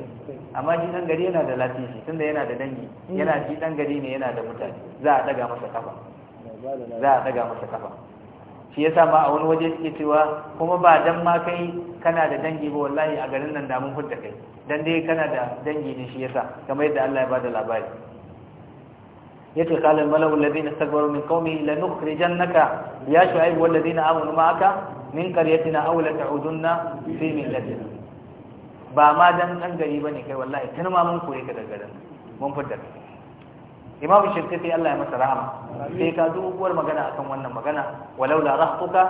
amma shi ɗan gari yana da lafiya shi tunda yana da dangi yana shi ɗan gari ne yana da mutane za a ɗaga masa kafa za a ɗaga masa kafa shi yasa ma a wani waje suke cewa kuma ba dan ma kai kana da dangi ba wallahi a garin nan da mun hudda kai dan dai kana da dangi ne shi yasa kamar yadda Allah ya bada labari yace qala al-mala'u alladhina istakbaru min qaumihi lanukhrijannaka ya shu'aib wal ladina amanu ma'aka min qaryatina aw la ta'udunna fi millatina ba ma dan dan gari bane kai wallahi tun ma mun koyi ka daga garin mun fitar imamu shirkati Allah ya masa rahama sai ka dubuwar magana akan wannan magana walau la rahtuka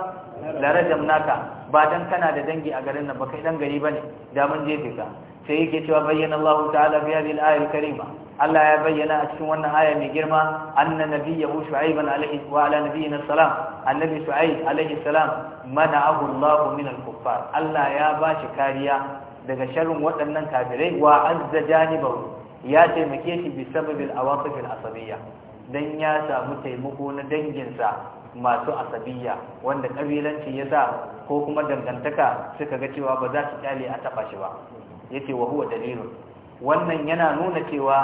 la rajamnaka ba dan kana da dangi a garin nan ba kai dan gari bane da mun jefe ka sai yake cewa bayyana Allah ta'ala fi hadhihi al-ayati al-karima Allah ya bayyana a cikin wannan aya mai girma anna nabiyyahu shu'aiban alaihi wa ala salam annabi shu'aib alaihi salam mana'ahu Allah min al-kuffar Allah ya ba shi kariya daga sharrin waɗannan kafirai wa azza janibahu ya taimake shi bi sababil awaqif al-asabiyya dan ya samu taimako na danginsa masu asabiyya wanda kabilanci ya sa ko kuma dangantaka suka ga cewa ba za su kyale a taba shi ba yace wa huwa dalilun wannan yana nuna cewa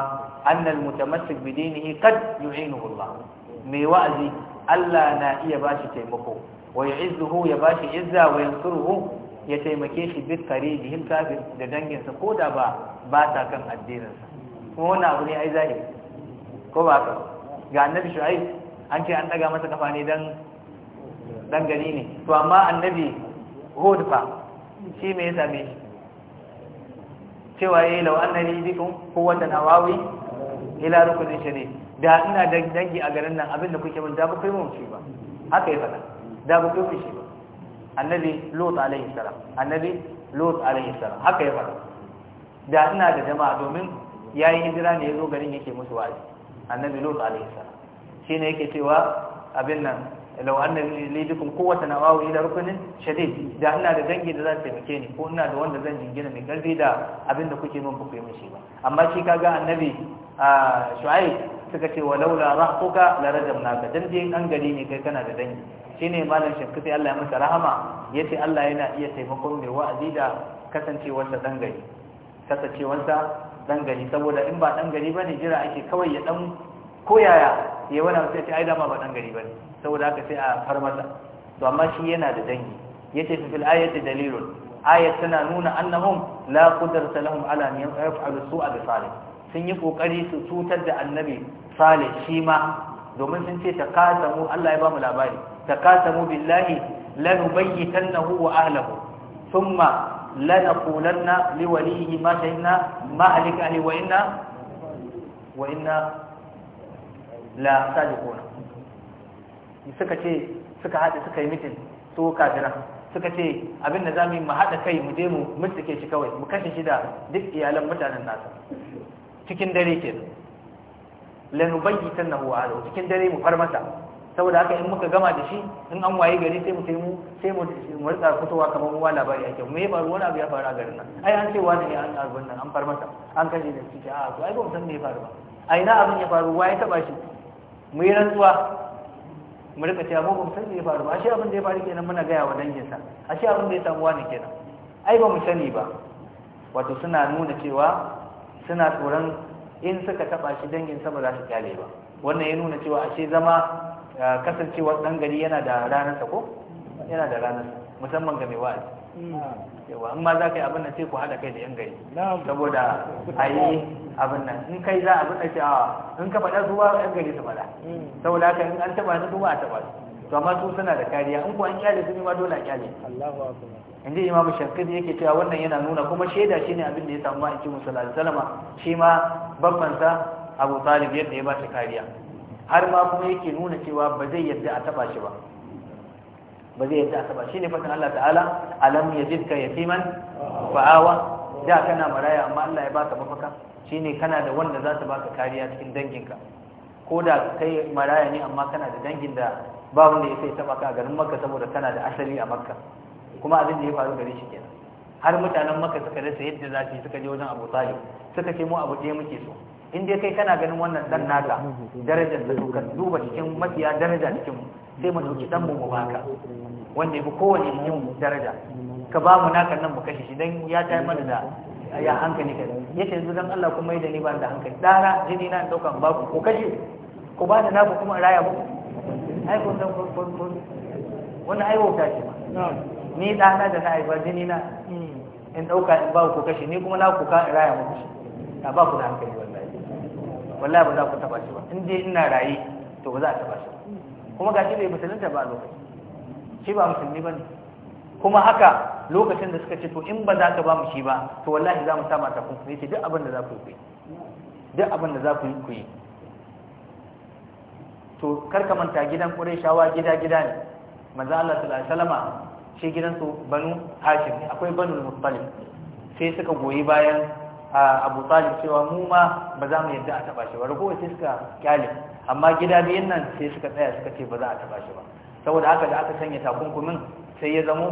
annal mutamassik bi dinihi qad yu'inuhu Allah me wa'azi Allah na iya bashi taimako wa yu'izzuhu ya bashi izza wa yansuruhu ya taimake shi bi qaribihim kafir da danginsa ko da ba ba ta kan addininsa kuma wani abu ne ai zahiri ko ba ka ga annabi shu'aib an ce an daga masa kafa ne dan dan gari ne to amma annabi hudfa shi me ya same shi cewa ya yi yayi law ko bikum quwwatan wawi ila rukunin ne da ina da dangi a garin nan abinda kuke mun da kai mun shi ba haka ya fada da kai mun shi ba annabi lot alayhi salam annabi lot alayhi salam haka ya fada da ina da jama'a domin yayi hijira ne yazo garin yake musu wa'azi annabi lot alayhi salam shine yake cewa abin nan lau anna li bikum quwwatan aw awi ila rukunin shadid da ina da dangi da za taimake ni ko ina da wanda zan jingina mai garbi da abin da kuke min ku yi mishi ba amma shi kaga annabi shu'aib suka ce wa laula rahtuka la rajamnaka dan dai an gari ne kai kana da dangi shine malam shakkati Allah ya masa rahama yace Allah yana iya taimakon mai wa'azi da kasancewarsa dan saboda in ba dangari gari bane jira ake kawai ya dan ko yaya ya wani sai ce ai dama ba dan gari bane saboda haka sai a farmata to amma shi yana da dangi yace fi fil ayati dalilun ayat tana nuna annahum la qudrata lahum ala an yaf'alu su'a bi salih sun yi kokari su cutar da annabi salih shi ma domin sun ce takasamu Allah ya ba mu labari takasamu billahi lanubayyitannahu wa ahlihi thumma lanaqulanna liwalihi ma shahidna ma alika wa inna wa inna la sabiquna suka ce suka hada suka yi mitin su kafira suka ce abin da zamu yi mu haɗa kai mu je mu mutsike shi kawai mu kashe shi da duk iyalan mutanen nasa cikin dare ke lanubayyitannahu ala cikin dare mu far masa saboda haka in muka gama da shi in an waye gari sai mu sai mu mu rika fitowa kamar ruwa labari ake me ba wani abu ya faru a garin nan ai an ce wani ne an arbin nan an far masa an kashe da shi a to ai ba mu san me ya faru ba ai na abin ya faru waye taba shi mu yi rantsuwa mu rika cewa mu bamu san me ya faru ba shi abin da ya faru kenan muna gaya wa danginsa shi abin da ya samu wani kenan ai ba mu sani ba wato suna nuna cewa suna tsoron in suka taba shi sa ba za su kyale ba wannan ya nuna cewa ashe zama ah, kasancewa dan gari yana da ranarsa ko yana da ranarsa musamman ga mai wa'azi hmm. yawa in ma za ka yi abin nan sai ku haɗa kai da yan gari saboda a yi abin nan in kai za a bi ɗace awa in ka faɗa zuwa ba yan gari su faɗa hmm. saboda haka in an taɓa su ba a taɓa su to amma su suna da kariya in ku an kyale su ne ma dole a kyale in ji imamu shankar yake cewa wannan yana nuna kuma shaida shi ne abin da ya samu ma'aikin musulun salama shi ma babbansa abu talib yadda ya ba shi kariya har ma kuma yake nuna cewa ba zai yadda a taɓa shi ba ba zai yadda aka ba shine fatan Allah ta'ala alam yajidka yatiman fa'awa da kana maraya amma Allah ya baka mafaka shine kana da wanda za ta baka kariya cikin danginka ko da kai maraya ne amma kana da dangin da ba wanda ya sai taba ka a garin Makka saboda kana da asali a Makka kuma abin da ya faru gari shi kenan har mutanen Makka suka rasa yadda za su yi suka je wajen Abu Talib suka ce mu abu ɗaya muke so in dai kai kana ganin wannan dan naka darajar da duka duba cikin mafiya daraja cikin mu sai mu dauki dan mu mu baka wanda ya fi kowane yin daraja ka ba mu naka nan mu kashe shi don ya yi mana da ya hankali ka ya ce yanzu don Allah kuma yi da ni ba da hankali dana jini na ɗauka ba ku ko kashe ku ba da naku kuma raya ku ai kun san kun kun wannan ai wauta ce ma ni ɗana da na aiba jini na in ɗauka in ba ku kashe ni kuma na ku ka raya muku shi ba ba ku da hankali wallahi wallahi ba za ku taba shi ba in dai ina rayi to ba za a taba shi kuma shi bai musulunta ba a lokaci shi ba musulmi ne kuma haka lokacin da suka ce to in ba za ka ba mu shi ba to wallahi za mu sa mata kun yace duk abin da za ku yi duk abin da za ku yi ku yi to kar ka manta gidan shawa gida gida ne maza Allah su alaihi wasallama shi su Banu Hashim akwai Banu Muttalib sai suka goyi bayan Abu Talib cewa mu ma ba za mu yadda a taɓa shi ba rukuwa sai suka kyale amma gida biyun nan sai suka tsaya suka ce ba za a taɓa shi ba saboda haka da aka sanya takunkumin sai ya zamo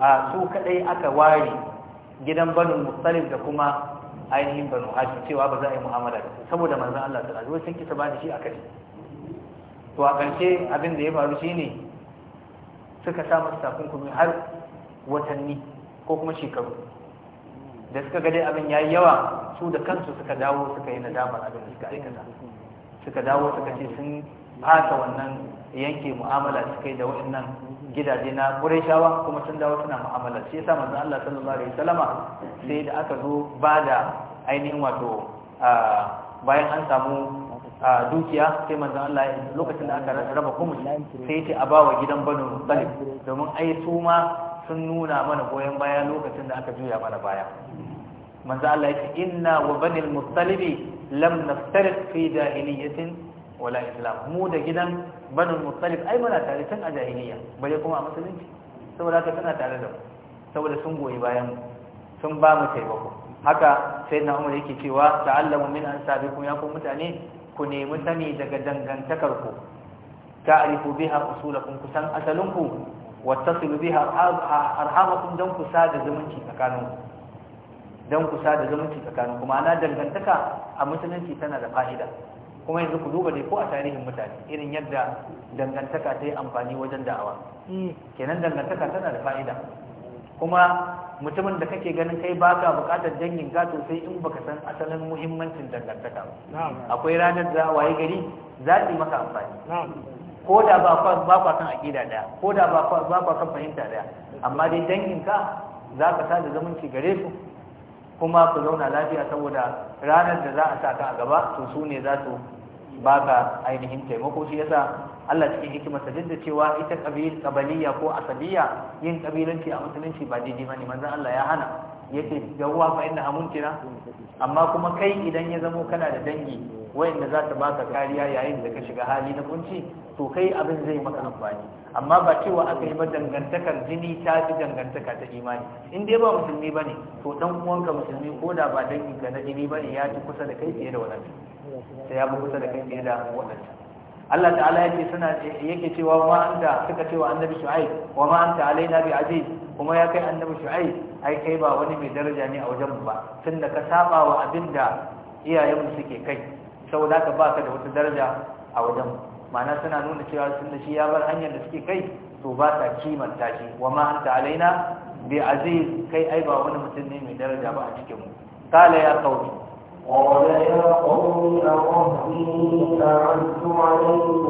a su kadai aka ware gidan banu mustalif da kuma ainihin banu hashim cewa ba za a yi mu'amala da saboda manzan Allah ta alaihi sun kisa bani shi kai. to a ƙarshe abin da ya faru shine suka sa masa takunkumi har watanni ko kuma shekaru da suka ga dai abin yi yawa su da kansu suka dawo suka yi nadamar abin da suka aikata suka dawo suka ce sun haka wannan yanke mu'amala su kai da waɗannan gidaje na Qurayshawa kuma sun dawo suna mu'amala shi yasa manzon Allah sallallahu alaihi wasallama sai da aka zo ba da ainihin wato bayan an samu dukiya sai manzan Allah lokacin da aka raba kuma sai ce a bawa gidan banu mutalib domin ai su ma sun nuna mana goyon baya lokacin da aka juya mana baya manzan Allah yake inna wa banil muttalibi lam naftarid fi jahiliyatin wala islam mu da gidan banin mutsalif ai muna tare tun a jahiliya bare kuma a musulunci saboda haka tana tare da mu saboda sun goyi bayan sun ba mu taimako haka sai na umar yake cewa ta'allamu min ansabikum ya ku mutane ku nemi sani daga dangantakar ku ta'rifu biha usulakum kusan asalin ku wattasilu biha arhamakum dan ku sada zumunci tsakanin ku dan ku sada zumunci tsakanin kuma ma'ana dangantaka a musulunci tana da fa'ida kuma yanzu ku duba dai ko a tarihin mutane irin yadda dangantaka ta yi amfani wajen da'awa kenan dangantaka tana da fa'ida kuma mutumin da kake ganin kai ba ka bukatar dangin gato sai in baka san asalin muhimmancin dangantaka akwai ranar da waye gari za su yi maka amfani ko da ba kwa kan aƙida daya ko da ba kwa kan fahimta daya amma dai dangin ka za ka sa da zamanci gare su kuma ku zauna lafiya saboda ranar da za a sa ka a gaba to su ne za su ba ka ainihin taimako shi yasa Allah cikin hikimarsa duk da cewa ita kabil kabaliya ko asabiya yin kabilanci a musulunci ba daidai bane manzon Allah ya hana yake jawwa fa inna amuntina amma kuma kai idan ya zamo kana da dangi wayanda za ta baka kariya yayin da ka shiga hali na kunci to kai abin zai maka amfani amma ba cewa aka yi ba dangantakar jini ta fi dangantaka ta imani in dai ba musulmi bane to dan uwanka musulmi ko da ba ka na jini bane ya ci kusa da kai fiye da wani ta ya fi kusa da kai fiye da waɗanda Allah ta'ala yake suna yake cewa wa anta suka cewa annabi shu'aib wa ma anta alaina bi aziz kuma ya kai annabi shu'aib ai kai ba wani mai daraja ne a wajen mu ba tunda ka saba wa abinda iyayenmu suke kai saboda ka baka da wata daraja a wajen ma'ana suna nuna cewa da shi ya bar hanyar da suke kai to ba ta kimanta shi wa ma anta alaina bi aziz kai ai ba wani mutum ne mai daraja ba a cikin mu kala ya kauce قال يا قوم أرهبي أعز عليكم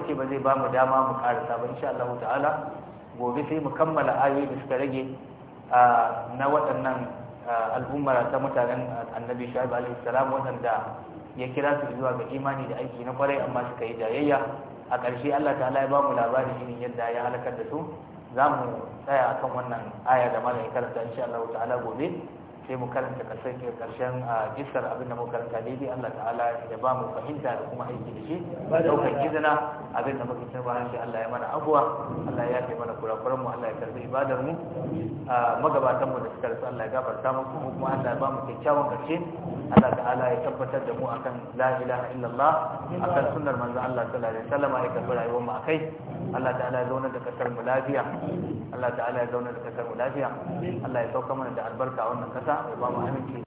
lokaci ba zai ba mu dama mu karasa ba insha Allah ta'ala gobe sai mu kammala ayoyi da suka rage na waɗannan al'ummar ta mutanen annabi shaibu alaihi salam waɗanda ya kira su zuwa ga imani da aiki na kwarai amma suka yi jayayya a ƙarshe Allah ta'ala ya ba mu labarin shi yadda ya halakar da su za mu tsaya akan wannan aya da malam karanta insha Allah ta'ala gobe sai mu karanta karshen karshen a jisar abin da mu karanta daidai Allah ta'ala ya ba mu fahimta da kuma aiki da shi daukar izina abin da muka cin bayan shi Allah ya mana abuwa Allah ya yafe mana kurakuran mu Allah ya karbi ibadar mu magabatan mu da suka rasu Allah ya gafarta musu mu kuma Allah ya ba mu kyakkyawan karshe Allah ta'ala ya tabbatar da mu akan la ilaha illallah akan sunnar manzon Allah sallallahu alaihi wasallam ya karbi rayuwar mu akai Allah ta'ala ya zauna da kasar mu lafiya Allah ta'ala ya zauna da kasar mu lafiya Allah ya sauka mana da albarka a wannan kasa ba mu amince